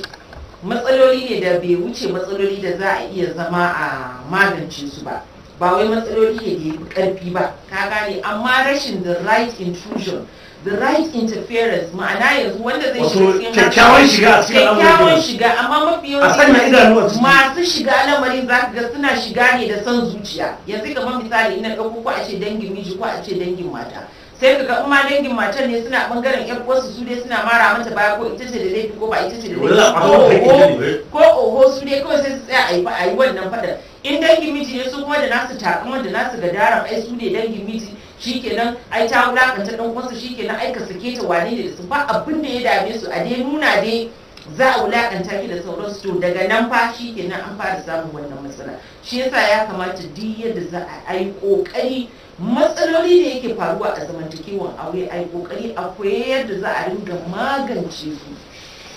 matsaloli ne da bai wuce matsaloli da za a iya zama a magance su ba ba wai matsaloli ne da ya fi karfi ba ka gane amma rashin the right intrusion the right interference ma'ana yanzu wanda zai shiga cikin kyakkyawan shiga kyakkyawan shiga amma mafi yawanci masu shiga lamarin za ka ga suna shiga ne da son zuciya yanzu kamar misali ina ɗauko ko a ce dangin miji ko a ce dangin mata sai ka ga ma dangin matar ne suna bangaren yar uwarsu su dai suna mara mata baya ko ita ce da laifi ko ba ita ce da laifi ko oho su dai kawai sai su tsaya a yi a yi wannan fadar in dangin miji ne su kuma da nasu takamar da nasu gadara ai su ne dangin miji shikenan ai ta wulakanta dan uwansa shikenan ai ka sake ta wane ne su ba abin da ya dame su a dai nuna dai za a wulakanta ki da sauransu to daga nan fa shikenan an fara samun wannan matsala shi yasa ya kamata duk yadda za a yi kokari matsaloli da yake faruwa a zamantakewan aure ai kokari akwai yadda za a ringa magance su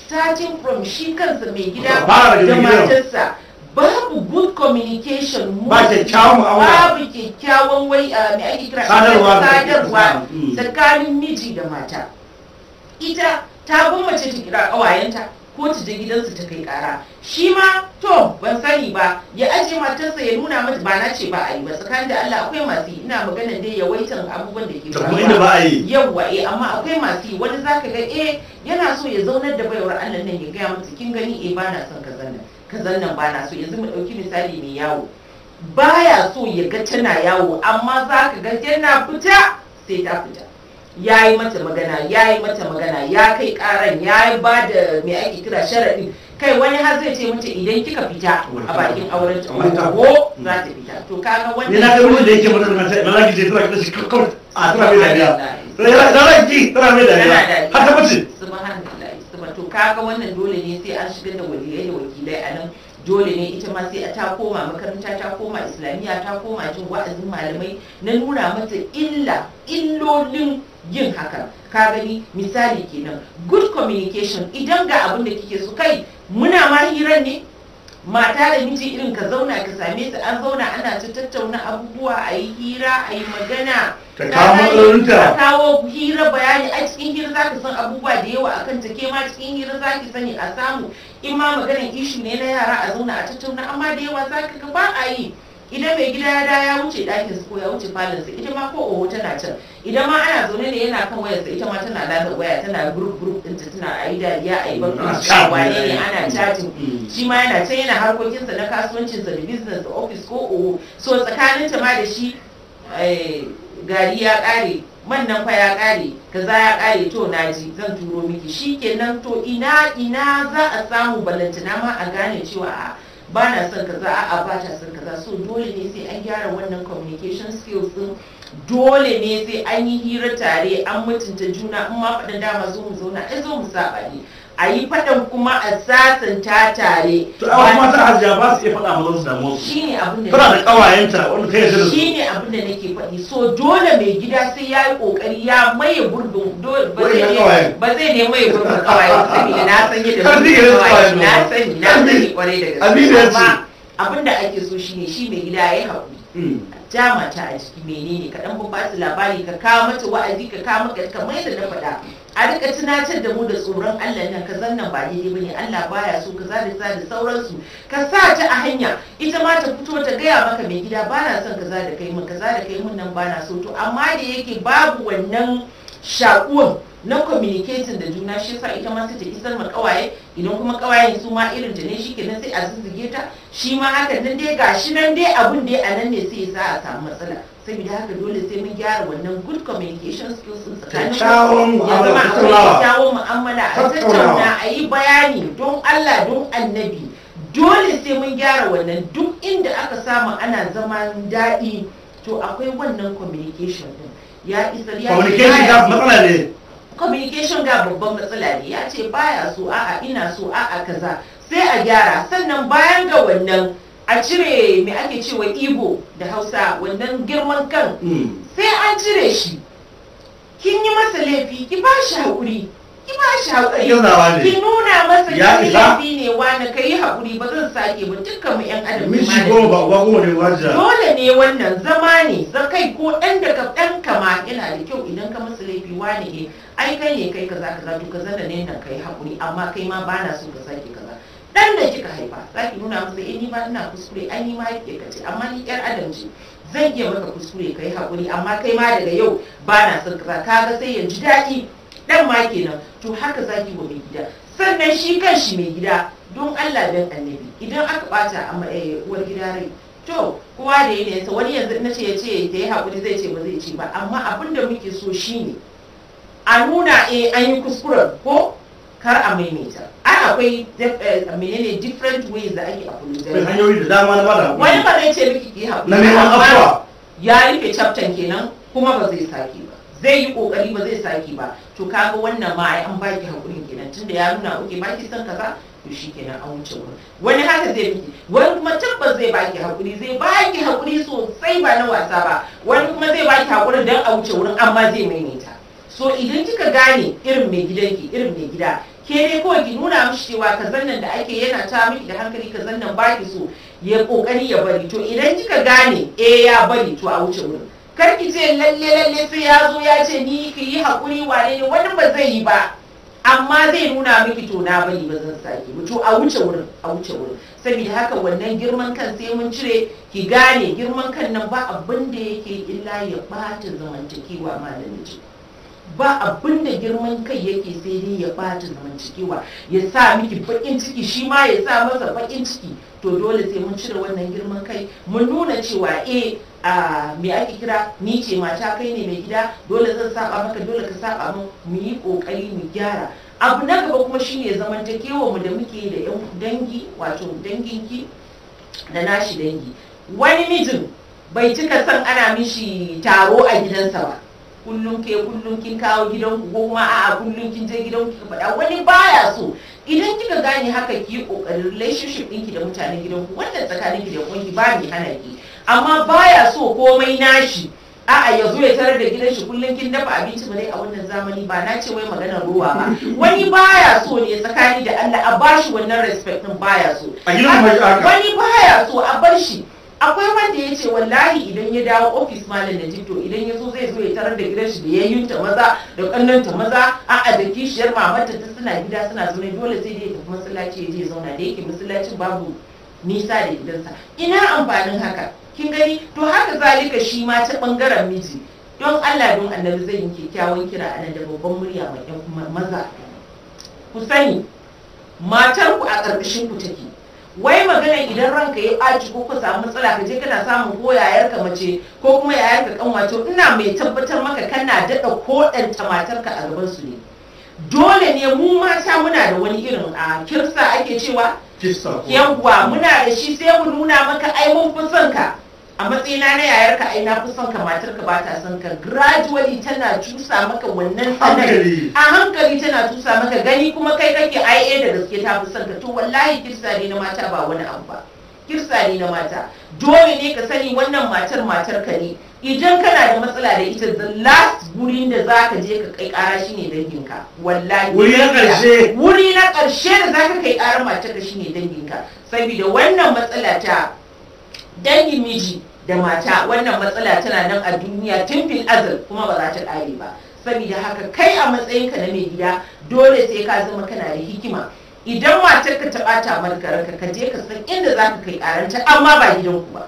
starting from shi kansa mai gida da matarsa communication ba kyakkyawan mu'amala babu kyakkyawan wai ah, mai ake kira sadarwa mm. tsakanin miji da mata ita ta bin mace ta kira kawayenta ko ta je gidansu ta kai kara shi ma to ban sani ba ya ajiye matarsa ya nuna mata ba na ce ba a yi ba tsakanin da Allah akwai masu yi ina magana dai ya waitan abubuwan da ke faruwa yawwa eh amma akwai masu yi wani zaka ga eh yana so ya zaunar da baiwar Allah nan ya gaya mata kin gani eh ba na son ka zanna kazan nan ba na so yanzu mu ɗauki misali mai yawo baya so ya ga tana yawo amma za ka ga yana fita sai ta fita ya yi mata magana ya yi mata magana ya kai ƙaran ya ba da mai ake kira sharaɗin kai wani har zai ce mace idan kika fita a bakin auren ta ko za ta fita to kaga wannan ne na ga wanda yake mana mata mana ki je tura ki shi kawai a tura mai dariya tura ki tura mai dariya har ta mace subhanallah kaga wannan dole ne sai an shigar da waliyai da wakilai a nan dole ne ita ma sai a ta koma makaranta ta koma islamiyya ta koma jin wa'azin malamai na nuna mata illa illolin yin haka ka gani misali kenan good communication idan ga abin da kike so kai muna ma hirar ne mata da miji irin ka zauna ka same su an zauna ana ta tattauna abubuwa a yi hira a yi magana ta kawo Ta kawo hira bayani a cikin hira za ka san abubuwa da yawa akan ta ke ma cikin hira za ki sani a samu in ma maganar ishi ne na yara a zauna a tattauna amma da yawa za ka ba a yi idan mai gida ya da ya wuce ɗakin su ko ya wuce falon su ita ma ko oho tana can idan ma ana zaune ne yana kan wayarsa ita ma tana lalata waya tana group group din ta tana ayi dariya ayi ko shi wane ne ana chatting mm. shi ma yana can yana harkokin sa na kasuwancinsa da business da office ko oho so tsakanin ta ma da shi eh, gari ya ƙare man nan ya ƙare kaza ya ƙare to naji zan turo miki shikenan to ina ina za a samu balantana ma a gane cewa a Bana son kaza a'a ba ta son kaza so dole ne sai an gyara wannan communication skills din dole ne sai an yi hira tare an mutunta juna in ma faɗin dama zo mu zauna ai zo mu saba ne a yi faɗan kuma a sasanta tare. To a kuma ta hajiya ba su iya faɗa ma su damu. Shi ne abin da tana da ƙawayenta wanda ta yarda da su. Shi ne abin da nake faɗi so dole mai gida sai ya yi ƙoƙari ya maye gurbin Wurin ba zai ba zai ne maye gurbin ƙawayen [LAUGHS] Sabida na san yadda ƙawayen na san na sani kwarai da gaske. Amma abin da ake so shi ne shi mai gida ya yi haƙuri. Mm. Ja mata a ciki menene ka ɗan ba su labari ka kawo mata wa'azi ka kawo mata kamar yadda na faɗa. a rika tunatar da mu da tsoron Allah nan ka zannan ba daidai bane Allah baya so ka zare da sauransu ka sa ta a hanya ita ma ta fito ta gaya maka mai gida bana son ka da kai mun ka da kai mun nan bana so to amma da yake babu wannan shakuwan na communicating da juna shi sa ita ma sai ta isar ma kawaye idan kuma kawayen su ma irin ta ne kenan sai a zuzzuge ta shi ma hakan nan dai gashi nan dai abun dai a nan ne sai ya sa a samu matsala saboda haka dole sai mun gyara wannan good communication skills in tsakanin ya zama akwai kyakkyawan mu'amala a tattauna a yi bayani don Allah don annabi dole sai mun gyara wannan duk inda aka samu ana zaman daɗi to akwai wannan communication din ya ya communication ga matsala ne communication ga babban matsala ne ya ce baya so a'a ina so a'a kaza sai a gyara sannan bayan ga wannan a cire mai ake cewa igbo da hausa wannan girman kan mm. sai an cire shi kin yi masa laifi ki ba shi haƙuri ki ba shi haƙuri ki nuna masa ya laifi ne wani ka yi haƙuri ba zan sake ba dukkan mu yan adam ne ba ba goma ne wajen dole ne wannan zama ne za kai ko ɗan da ka ɗan kama yana da kyau idan ka masa laifi wani ne eh, ai kai ne kai kaza kaza to ka da ne nan yi haƙuri amma kai ma ba na so ka sake kaza dan da kika haifa za ki nuna masa eh ni ma ina kuskure ai ni ma yake kace amma ni yar adam ce zan iya maka kuskure kai hakuri amma kai ma daga yau ba na son ka ga sai yanzu daki dan ma kenan to haka zaki ki mai gida sannan shi kan shi mai gida don Allah dan annabi idan aka bata a eh, uwar gida rai to kowa da yanayin sa wani yanzu na ce ya ce ta yi hakuri zai ce ba zai ce ba amma abin da muke so shine a nuna eh an yi kuskuren ko kar a maimaita An akwai eh, eh, menene different ways da ake apologize hanyoyi da dama na bada wani ba zai ce miki ki haƙuri na neman afuwa ya rufe chapter kenan kuma ba zai sake ba zai yi kokari ba zai sake ba to kaga wannan ma ai an baki hakurin kenan tunda ya nuna oke baki san kaza to shi kenan an wuce wurin wani haka zai miki wani kuma tabbas zai baki hakuri zai baki hakuri sosai ba na wasa ba wani kuma zai baki hakuri dan a wuce wurin amma zai maimaita so idan kika gane irin mai gidanki irin mai gida ke dai kawai ki nuna mishi cewa kazan nan da ake yana ta miki da hankali kazan nan ba ki so ya kokari ya bari to idan kika gane eh ya bari to a wuce wurin kar ki ce lalle lalle sai ya zo ya ce ni ki yi hakuri wane ne wani ba zai yi ba amma zai nuna miki to na bari ba zan sake mu to a wuce wurin a wuce wurin saboda haka wannan girman kan sai mun cire ki gane girman kan nan ba abin da yake illa ya bata zamantakewa malamin jiki ba abin da girman kai yake sai dai ya ɓata zamantakewa ya sa miki baƙin ciki shi ma ya sa masa baƙin ciki to dole sai mun cire wannan girman kai mun nuna cewa e a me ake kira ni ce mata kai ne mai gida dole zan saba maka dole ka saba mu mu yi kokari mu gyara abu na gaba kuma shine zamantakewa mu da muke da yan dangi wato danginki da nashi dangi wani mijin bai cika son ana mishi taro a gidansa ba kullum ke kullum kin kawo gidanku ko kuma a'a kullum kin je gidanku kika faɗa wani baya so idan kika gane haka ki kokarin relationship ɗinki da mutanen gidanku wannan tsakanin ki da kunki ba mai hana ki amma baya so komai nashi a'a ya zo ya tarar da gidan shi kullum kin dafa abinci ba a wannan zamani ba na ce wai maganar ruwa ba wani baya so ne tsakani da Allah a bashi wannan respect din baya so wani baya so a bar shi akwai wanda ya ce wallahi idan ya dawo ofis malam da jito idan ya zo zai zo ya tarar da gidan shi da ta maza da ta maza a'a da kishiyar mamata ta suna gida suna zaune dole sai dai ya tafi masallaci ya je zauna da yake masallacin babu nisa da gidansa ina amfanin haka kin gani to haka zalika shi ma ta bangaren miji don Allah don annabi zai yi kyakkyawan kira a da babban murya ma maza ku sani matar ku a ƙarƙashin ku take wai magana idan ranka ya ɓaci ko ka samu matsala ka je kana samun ko yayarka mace ko kuma yayarka kanwace ina mai tabbatar maka kana daɗa ko koɗanta matarka a gaban su ne dole ne mu mata muna da wani irin a kirsa ake cewa yanguwa muna da shi sai mu nuna maka ai mun fi son ka a matsayina na yayarka ai na fi son ka matar ka ba ta son ka gradually tana cusa maka wannan hankali a hankali tana cusa maka gani kuma kai kake ai eh, da gaske ta fi son ka to wallahi kirsa ne na mata ba wani abu ba kirsa ne na mata dole ne ka sani wannan matar matar ka ne idan kana da matsala da ita the last gurin da za ka je ka kai kara shine danginka wallahi wuri na karshe wuri na karshe da za ka kai karar matar ka shine danginka saboda wannan matsala ta dangin miji da mata wannan matsala tana nan a duniya tun fil azal kuma ba za ta ƙare ba saboda haka kai a matsayinka na mai gida dole sai ka zama kana da hikima idan matar ka taɓa ta markaranka ka je ka san inda za ka kai ƙaranta amma ba gidanku ba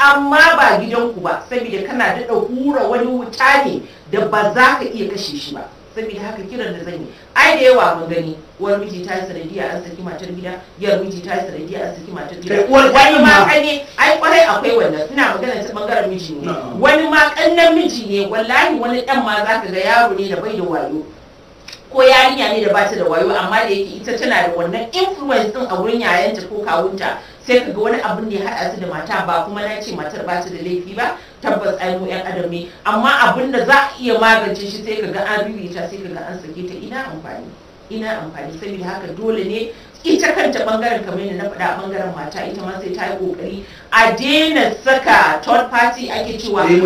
amma ba gidanku ba saboda kana daɗa hura wani wuta ne da ba za ka iya kashe shi ba saboda haka kiran da zan yi ai da yawa mun gani uwar miji ta yi sanadiyya an saki matar gida yar miji ta yi sanadiyya an saki matar gida wani ma kane ai kwarai akwai wannan suna magana ta bangaren miji ne wani ma kannan miji ne wallahi wani dan ma ka ga yaro ne da bai da wayo ko yarinya ne da ba ta da wayo amma da yake ita tana da wannan influence din a wurin yayanta ko kawunta sai ka ga wani abin ne ya haɗa su da mata ba kuma na ce matar ba ta da laifi ba tabbas ai yan adam amma abin da za a iya magance shi sai kaga an rubuta sai kaga an sake ta ina amfani ina amfani saboda haka dole ne ita kanta bangaren kamar yadda na faɗa bangaren mata ita ma sai ta yi kokari a daina saka third party ake cewa eh,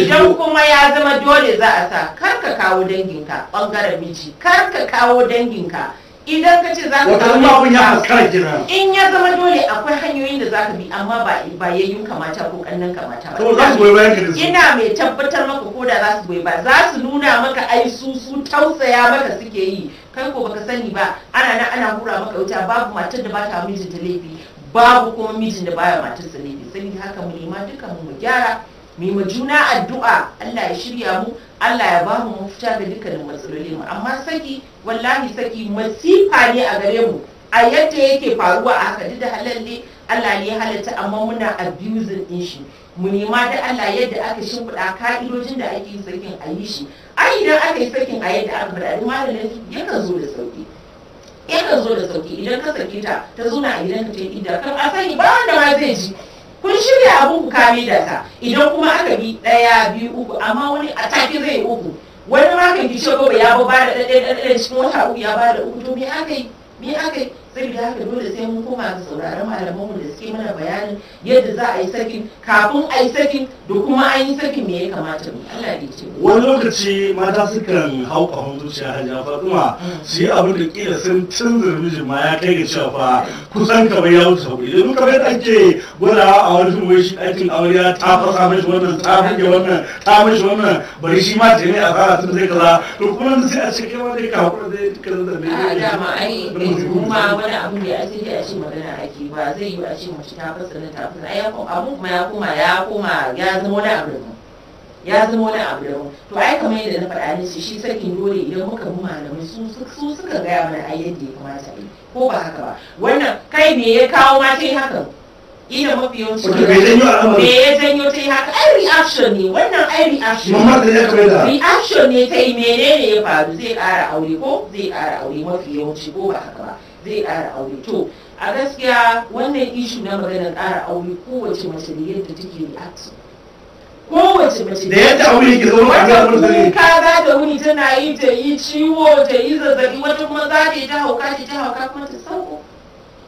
idan kuma ya zama dole za a sa kar ka kawo danginka bangaren miji kar ka kawo danginka idan ka ce za ka abin ya in ya zama dole akwai hanyoyin da za ka bi amma ba ba yayyun kamata ko kannan kamata ba to za su goyi bayan ka ina mai tabbatar maka ko da za su goyi ba za su nuna maka ai su su tausaya maka suke yi kai ko baka sani ba ana nan ana hura maka wuta babu matar da ba ta mijinta laifi babu kuma mijin da baya matarsa laifi sai haka mu nema dukan mu gyara mu ma juna addu'a Allah ya shirya mu Allah ya ba mu mafita da dukkanin matsaloli mu amma saki wallahi saki masifa ne a gare mu a yadda yake faruwa a haka da halalle, Allah ne ya halatta amma muna abusing din shi mu nema da Allah yadda aka shimfiɗa ka'idojin da ake yi sakin a yi shi ai idan aka yi sakin a yadda aka faɗa ya yakan zo da sauki yakan zo da sauki idan ka sake ta ta na a gidanka ka ce idan. ka sani ba wanda ma zai ji kun shirya abun ku kame da ka idan kuma aka bi ɗaya biyu uku amma wani a taki zai uku wani ma kan gice gobe ya ba da ɗaɗɗaɗɗaɗɗa cikin wata uku ya ba da uku to me aka me aka saboda haka dole sai mun koma ga sauraron mu da suke mana bayanin yadda za a yi sakin kafin a yi sakin da kuma an yi sakin me ya kamata mu Allah ya ce wani lokaci mata sukan hau kafin zuciya hajiya fatima su yi abin da kila sun canza mijin ma ya kai ga cewa fa kusan kamar ya wuce hakuri idan kamar bai ake gwada a wani fim wai shi ɗakin aure ya ta fasa mishi wannan ta fage wannan ta mishi wannan bari shi ma jini a fara tun zai kaza to kuma sai a cikin wani ka zai kaza da ne. a dama ai kuma wani abun da ya ake a ce magana ake ba zai yi a ce mace ta fasa nan ta fasa ai abun kuma ya koma ya koma ya zama wani abu da ya zama wani abu da to ai kamar yadda na faɗa ne shi sakin dole idan muka mu malamai su su suka gaya mana ai yadda ya kamata ai ko ba haka ba wannan kai me ya kawo ma ta yi hakan ina mafi yawanci me ya janyo ta yi haka ai reaction ne wannan ai reaction reaction ne ta yi menene ya faru zai ƙara aure ko zai ƙara aure mafi yawanci ko ba haka ba zai ƙara aure to a gaskiya wannan ishu na maganar ƙara aure kowace mace da yadda take react kowace mace da yadda aure ke zo a ga mun ka ga da wuni tana yi ta yi ciwo ta yi zazzabi wata kuma za ta yi ta hauka ta ta hauka kuma ta sauko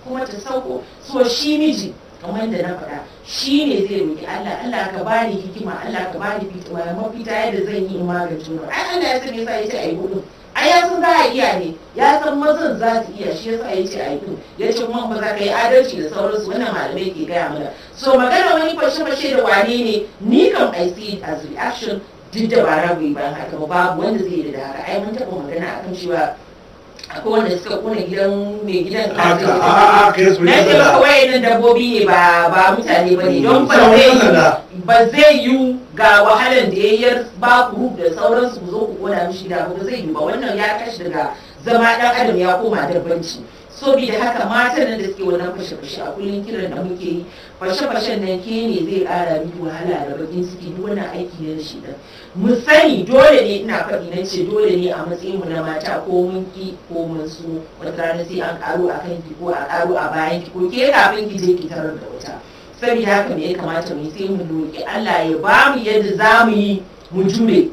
kuma ta sauko so shi miji kamar da na faɗa shi ne zai roƙi Allah Allah ka bani hikima Allah ka bani fitowa mafita yadda zan yi in magance ai Allah ya san yasa yace ai gudu ai ya san za a iya ne ya san mazan za su iya shi yasa ya ce a yi ya ce kuma ba za ka yi adalci da sauransu wannan malamai ke gaya mana so magana wani fashe-fashe da wane ne ni kam i see it as reaction duk da bara bai ban haka ba babu wanda zai yi da haka ai mun taɓa magana akan cewa akwai wanda suka kuna gidan mai gidan kaji na ce maka nan dabbobi ne ba mutane ba ne don ba zai yi ga wahalan da ya yar ba ku da sauransu ku zo ku kona mishi da ba zai yi ba wannan ya tashi daga zama dan adam ya koma dabbanci so bi da haka matan nan da suke wannan fashe-fashe a kullum kiran da muke yi fashe-fashen nan ke ne zai kara miki wahala da bakin ciki duk wannan aiki ne shi da mu sani dole ne ina faɗi na ce dole ne a matsayin mu na mata ko mun ki ko mun so wata rana sai an ƙaro a kanki ko a ƙaro a bayan ki ko ke kafin ki je ki tarar da wata saboda haka ne ya kamata mu yi sai mu roƙi Allah ya ba mu yadda za mu yi mu jure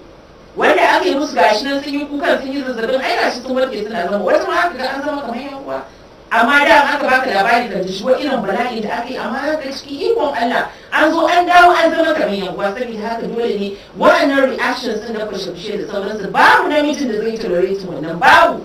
wanda aka yi musu gashi nan sun yi kukan sun yi zazzabin ai gashi sun warke suna zama wata ma haka ga an zama kamar yan uwa amma da aka baka labari da shi irin bala'i da aka yi amma haka cikin ikon Allah an zo an dawo an zama kamar yan uwa saboda haka dole ne wa'annan reactions sun na fashe da sauransu babu namijin da zai su wannan babu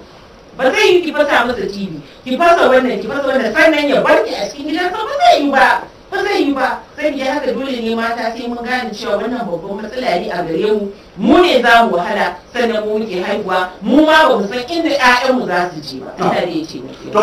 ba zai yi ki fasa masa TV ki fasa wannan ki fasa wannan sannan ya barke a cikin gidan ba zai yi ba ba zai yi ba saboda haka dole ne mata sai mun gane cewa wannan babban matsala ne a gare mu mu ne za mu wahala sannan mu muke haihuwa mu ma ba mu san inda mu za su je ba ina da yake muke to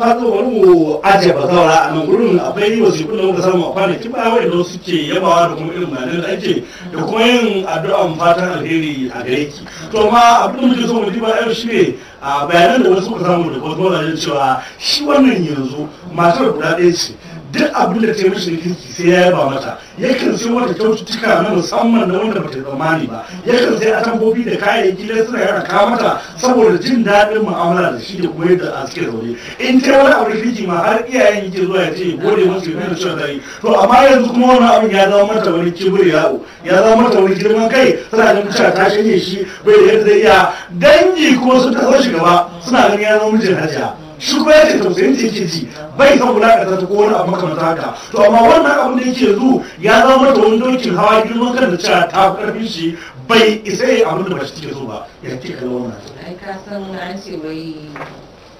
fatu wani mu aje ba zaura a nan gurin akwai wasiƙu da muka samu a kwanakin wai wanda suke yabawa da kuma irin manan da ake da kuma yin addu'an fatan alheri a gare ki to ma abin da muke so mu diba yau shi a bayanan da wasu kuka samu da wasu mazajen cewa shi wannan yanzu matar guda ɗaya ce duk abin da ta yi mishi kirki sai ya yaba mata yakan sai wata kyaututtuka na musamman na wanda bata tsammani ba yakan sai atambobi da kayayyaki da suna yara kawo mata saboda jin daɗin mu'amala da shi da kuma yadda a suke zaune in ta wani abu kirki ma har iyayen yake zuwa ya ce gode musu yana cewa zai to amma yanzu kuma wani abin ya zama mata wani kibir yawo ya zama mata wani girman kai suna da cewa ta shanye shi bai da yadda zai iya dangi ko su ta shi gaba suna ganin ya zama mijin hajiya shi kuma ce tausayin ta yake ji bai san wulakanta ta ko wani abu makamanta haka to amma wannan abin da yake yanzu ya zama mata wani dokin hawa girman kan da cewa ta karfin shi bai isa ya abin da bashi shi take so ba ya ke kalla wannan ai ka san an ce wai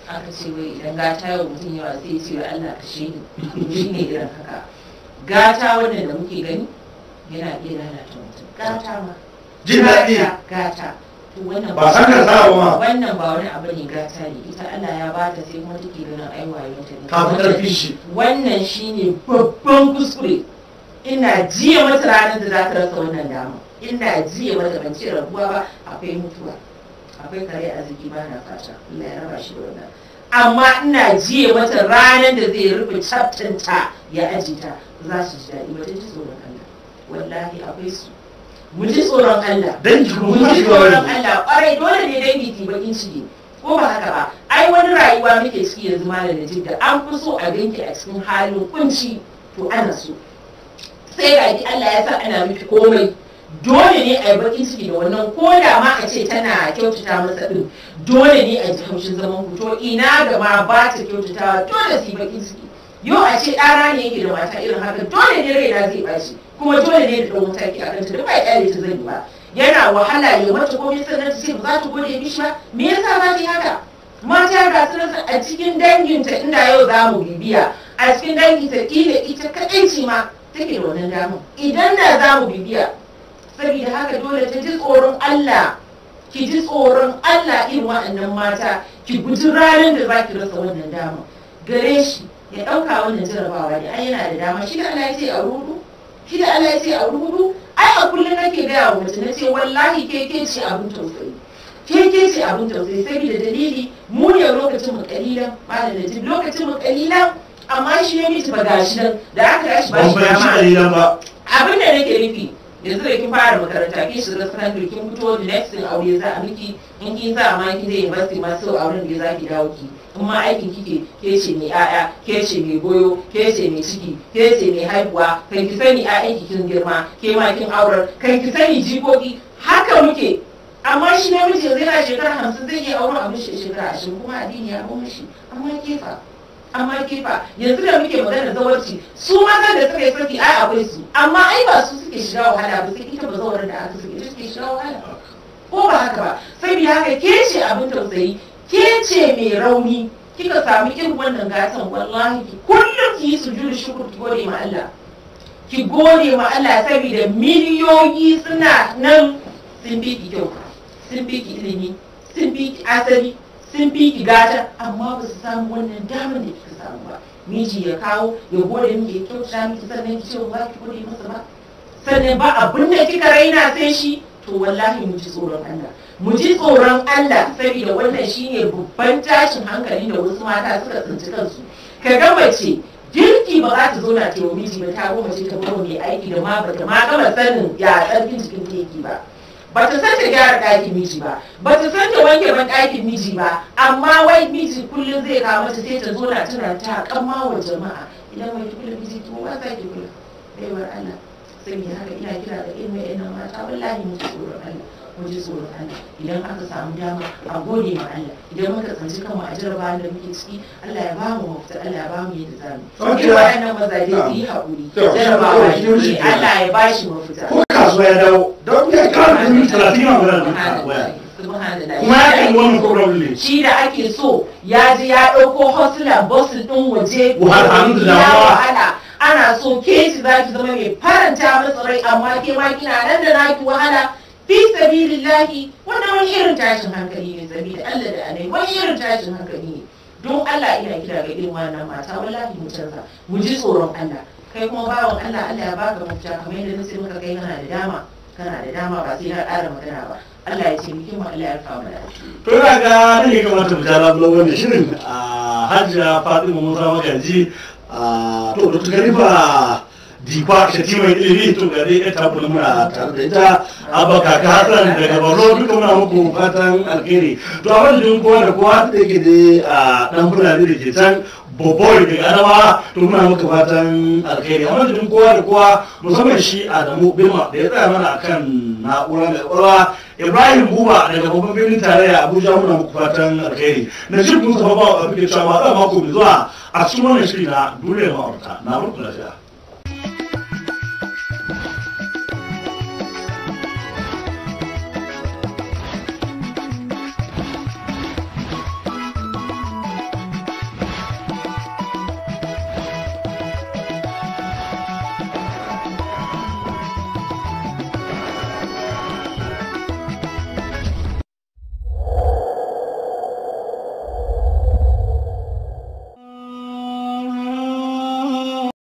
aka ce wai idan gata yau mutum yawa sai ce wai Allah ka shi ne shi ne irin haka gata wannan da muke gani yana iya lalata mutum gata ma jin daɗi gata ba saka sawa ma wannan ba wani abu ne gata ne ita Allah ya ba ta sai kuma take ganin ai wayo ta kafin karfi shi wannan shine babban kuskure ina jiya mata ranar da za ta rasa wannan dama ina jiya mata ban ce rabuwa ba akwai mutuwa akwai kare arziki ba na fata Allah ya raba shi da wannan amma ina jiya mata ranar da zai rufe chapter ta ya ajita za su ji daɗi ba ta ji tsoron Allah wallahi akwai su mu ji tsoron Allah dangi mu ji tsoron Allah kwarai dole ne dangi ki bakin ciki ko ba haka ba ai wani rayuwa muke ciki yanzu malam Najib da an fi so a ganki a cikin halin kunci to ana so sai ga ki Allah ya sa ana miki komai dole ne a yi bakin ciki da wannan ko da ma a ce tana kyautata masa din dole ne a ji haushin zaman ku to ina gama ba ta kyautatawa dole su yi bakin ciki yau a ce ɗara ne yake da mata irin haka dole ne rai na zai ɓaci kuma dole ne da ɗan ke a kanta duk ba ƙyale ta zai ba yana wahala ya mata komai sannan ta ce ba za ta gode mishi ba me yasa ba ta haka mata ga su rasa a cikin danginta inda yau za mu bibiya a cikin danginta kila ita kaɗaici ce ma take da wannan damar idan da za mu bibiya saboda haka dole ta ji tsoron Allah ki ji tsoron Allah irin waɗannan mata ki guji ranar da za ki rasa wannan damar gare shi ya ɗauka wannan jarabawa ne ai yana da dama shi da Allah ya ce a rudu shi da Allah ya ce a rudu ai a kullum nake gaya wa mutum nace wallahi ke ke ce abin tausayi ke ke ce abin tausayi da dalili mu ne lokacin mu kalilan malam da jin lokacin mu kalilan amma shi ya miji ba gashi nan da aka tashi ba shi dama abin da nake nufi yanzu da kin fara makaranta kin shiga secondary kin fito da next thing aure za a miki in kin za ma kin zai university ma sau auren da za ki dawo ki in ma aikin kike ke ce mai 'ya'ya ke ce mai goyo ke ce mai ciki ke ce mai haihuwa kan ki sani ƴaƴan ki kin girma ke ma kin aurar kan ki sani jikoki haka muke amma shi namiji yanzu yana shekara hamsin zai iya auren a mishi shekara ashirin kuma addini ya bo shi amma kefa amma ke fa yanzu da muke magana zawarci su matan da suka yi saki ai akwai su amma ai ba su suke shiga wahala ba sai ita ba zawarin da aka suke suke shiga wahala ko ba haka ba sai haka ke ce abin tausayi ke ce mai rauni kika samu irin wannan gatan wallahi ki kullum ki yi sujudu shukur ki gode ma Allah ki gode ma Allah saboda miliyoyi suna nan sun bi ki kyau sun bi ki ilimi sun bi ki asali sun fi ki gata amma ba su samu wannan damar da kika samu ba miji ya kawo ya gode miki ya kyauta miki sannan ki ce ba ki gode masa ba sannan ba abin da kika raina sai shi to wallahi mu ji tsoron Allah mu ji tsoron Allah saboda wannan shine babban tashin hankali da wasu mata suka tsinci kansu ka ga mace girki ba za ta zo na ta miji ba ta goma ce ta ba mai aiki da ma ba ta ma gama sanin ya tsarkin jikin teki ba ba ta san ta gyara ɗakin miji ba ba ta san ta wanke ban ɗakin miji ba amma wai miji kullum zai kawo mata sai ta zo na tana ta wa jama'a idan mai kula miji to wa za ki kula baiwar Allah ya haka ina kira da ɗan mai ɗan mata wallahi mu tsoron Allah mu ji tsoron Allah idan aka samu dama a gode ma Allah idan muka tsanci kanmu a jarraba da muke ciki Allah ya bamu mafita Allah ya bamu yadda zamu. wa waɗannan mazaje su yi haƙuri jarrabawa shi Allah ya bashi mafita. kasuwa ya dawo don ya kara dubu talatin a gudanar da kasuwa kuma ya kan wani problem ne shi da ake so ya ji ya ɗauko hustler boss ɗin waje ana so ke shi za ki zama mai faranta masa rai amma ke ma kina nan da naki wahala fi sabilillahi wannan wani irin tashin hankali ne sabida Allah da anai wani irin tashin hankali ne don Allah ina kira ga irin wannan mata wallahi mu canza mu ji tsoron Allah kai kuma bawan Allah Allah ya baka mafita kamar yadda na ce maka kai kana da dama kana da dama ba sai na ƙara magana ba Allah ya ce miki Allah ya rufa mana to da ga ne kamata mu jara blog wannan shirin a Hajja Fatima Musa Makanji a to Dr. Kalifa Dikwa mai Ilimi to ga dai ita bulmu muna tare da ita Abba Kaka Hassan daga Borno duka muna muku fatan alkhairi to a wannan kowa da kowa da yake da dan fulani da ke can boboi daga adama to muna maka fatan alkhairi amma da kowa da kowa musamman shi adamu bima da ya tsaya mana akan na'ura mai ƙwarwa ibrahim buba daga babban birnin tarayya abuja muna maka fatan alkhairi na shi musa babawa a fitar cewa ba mako mai zuwa a cikin wannan shiri na duniyar ma'aurata na muku lafiya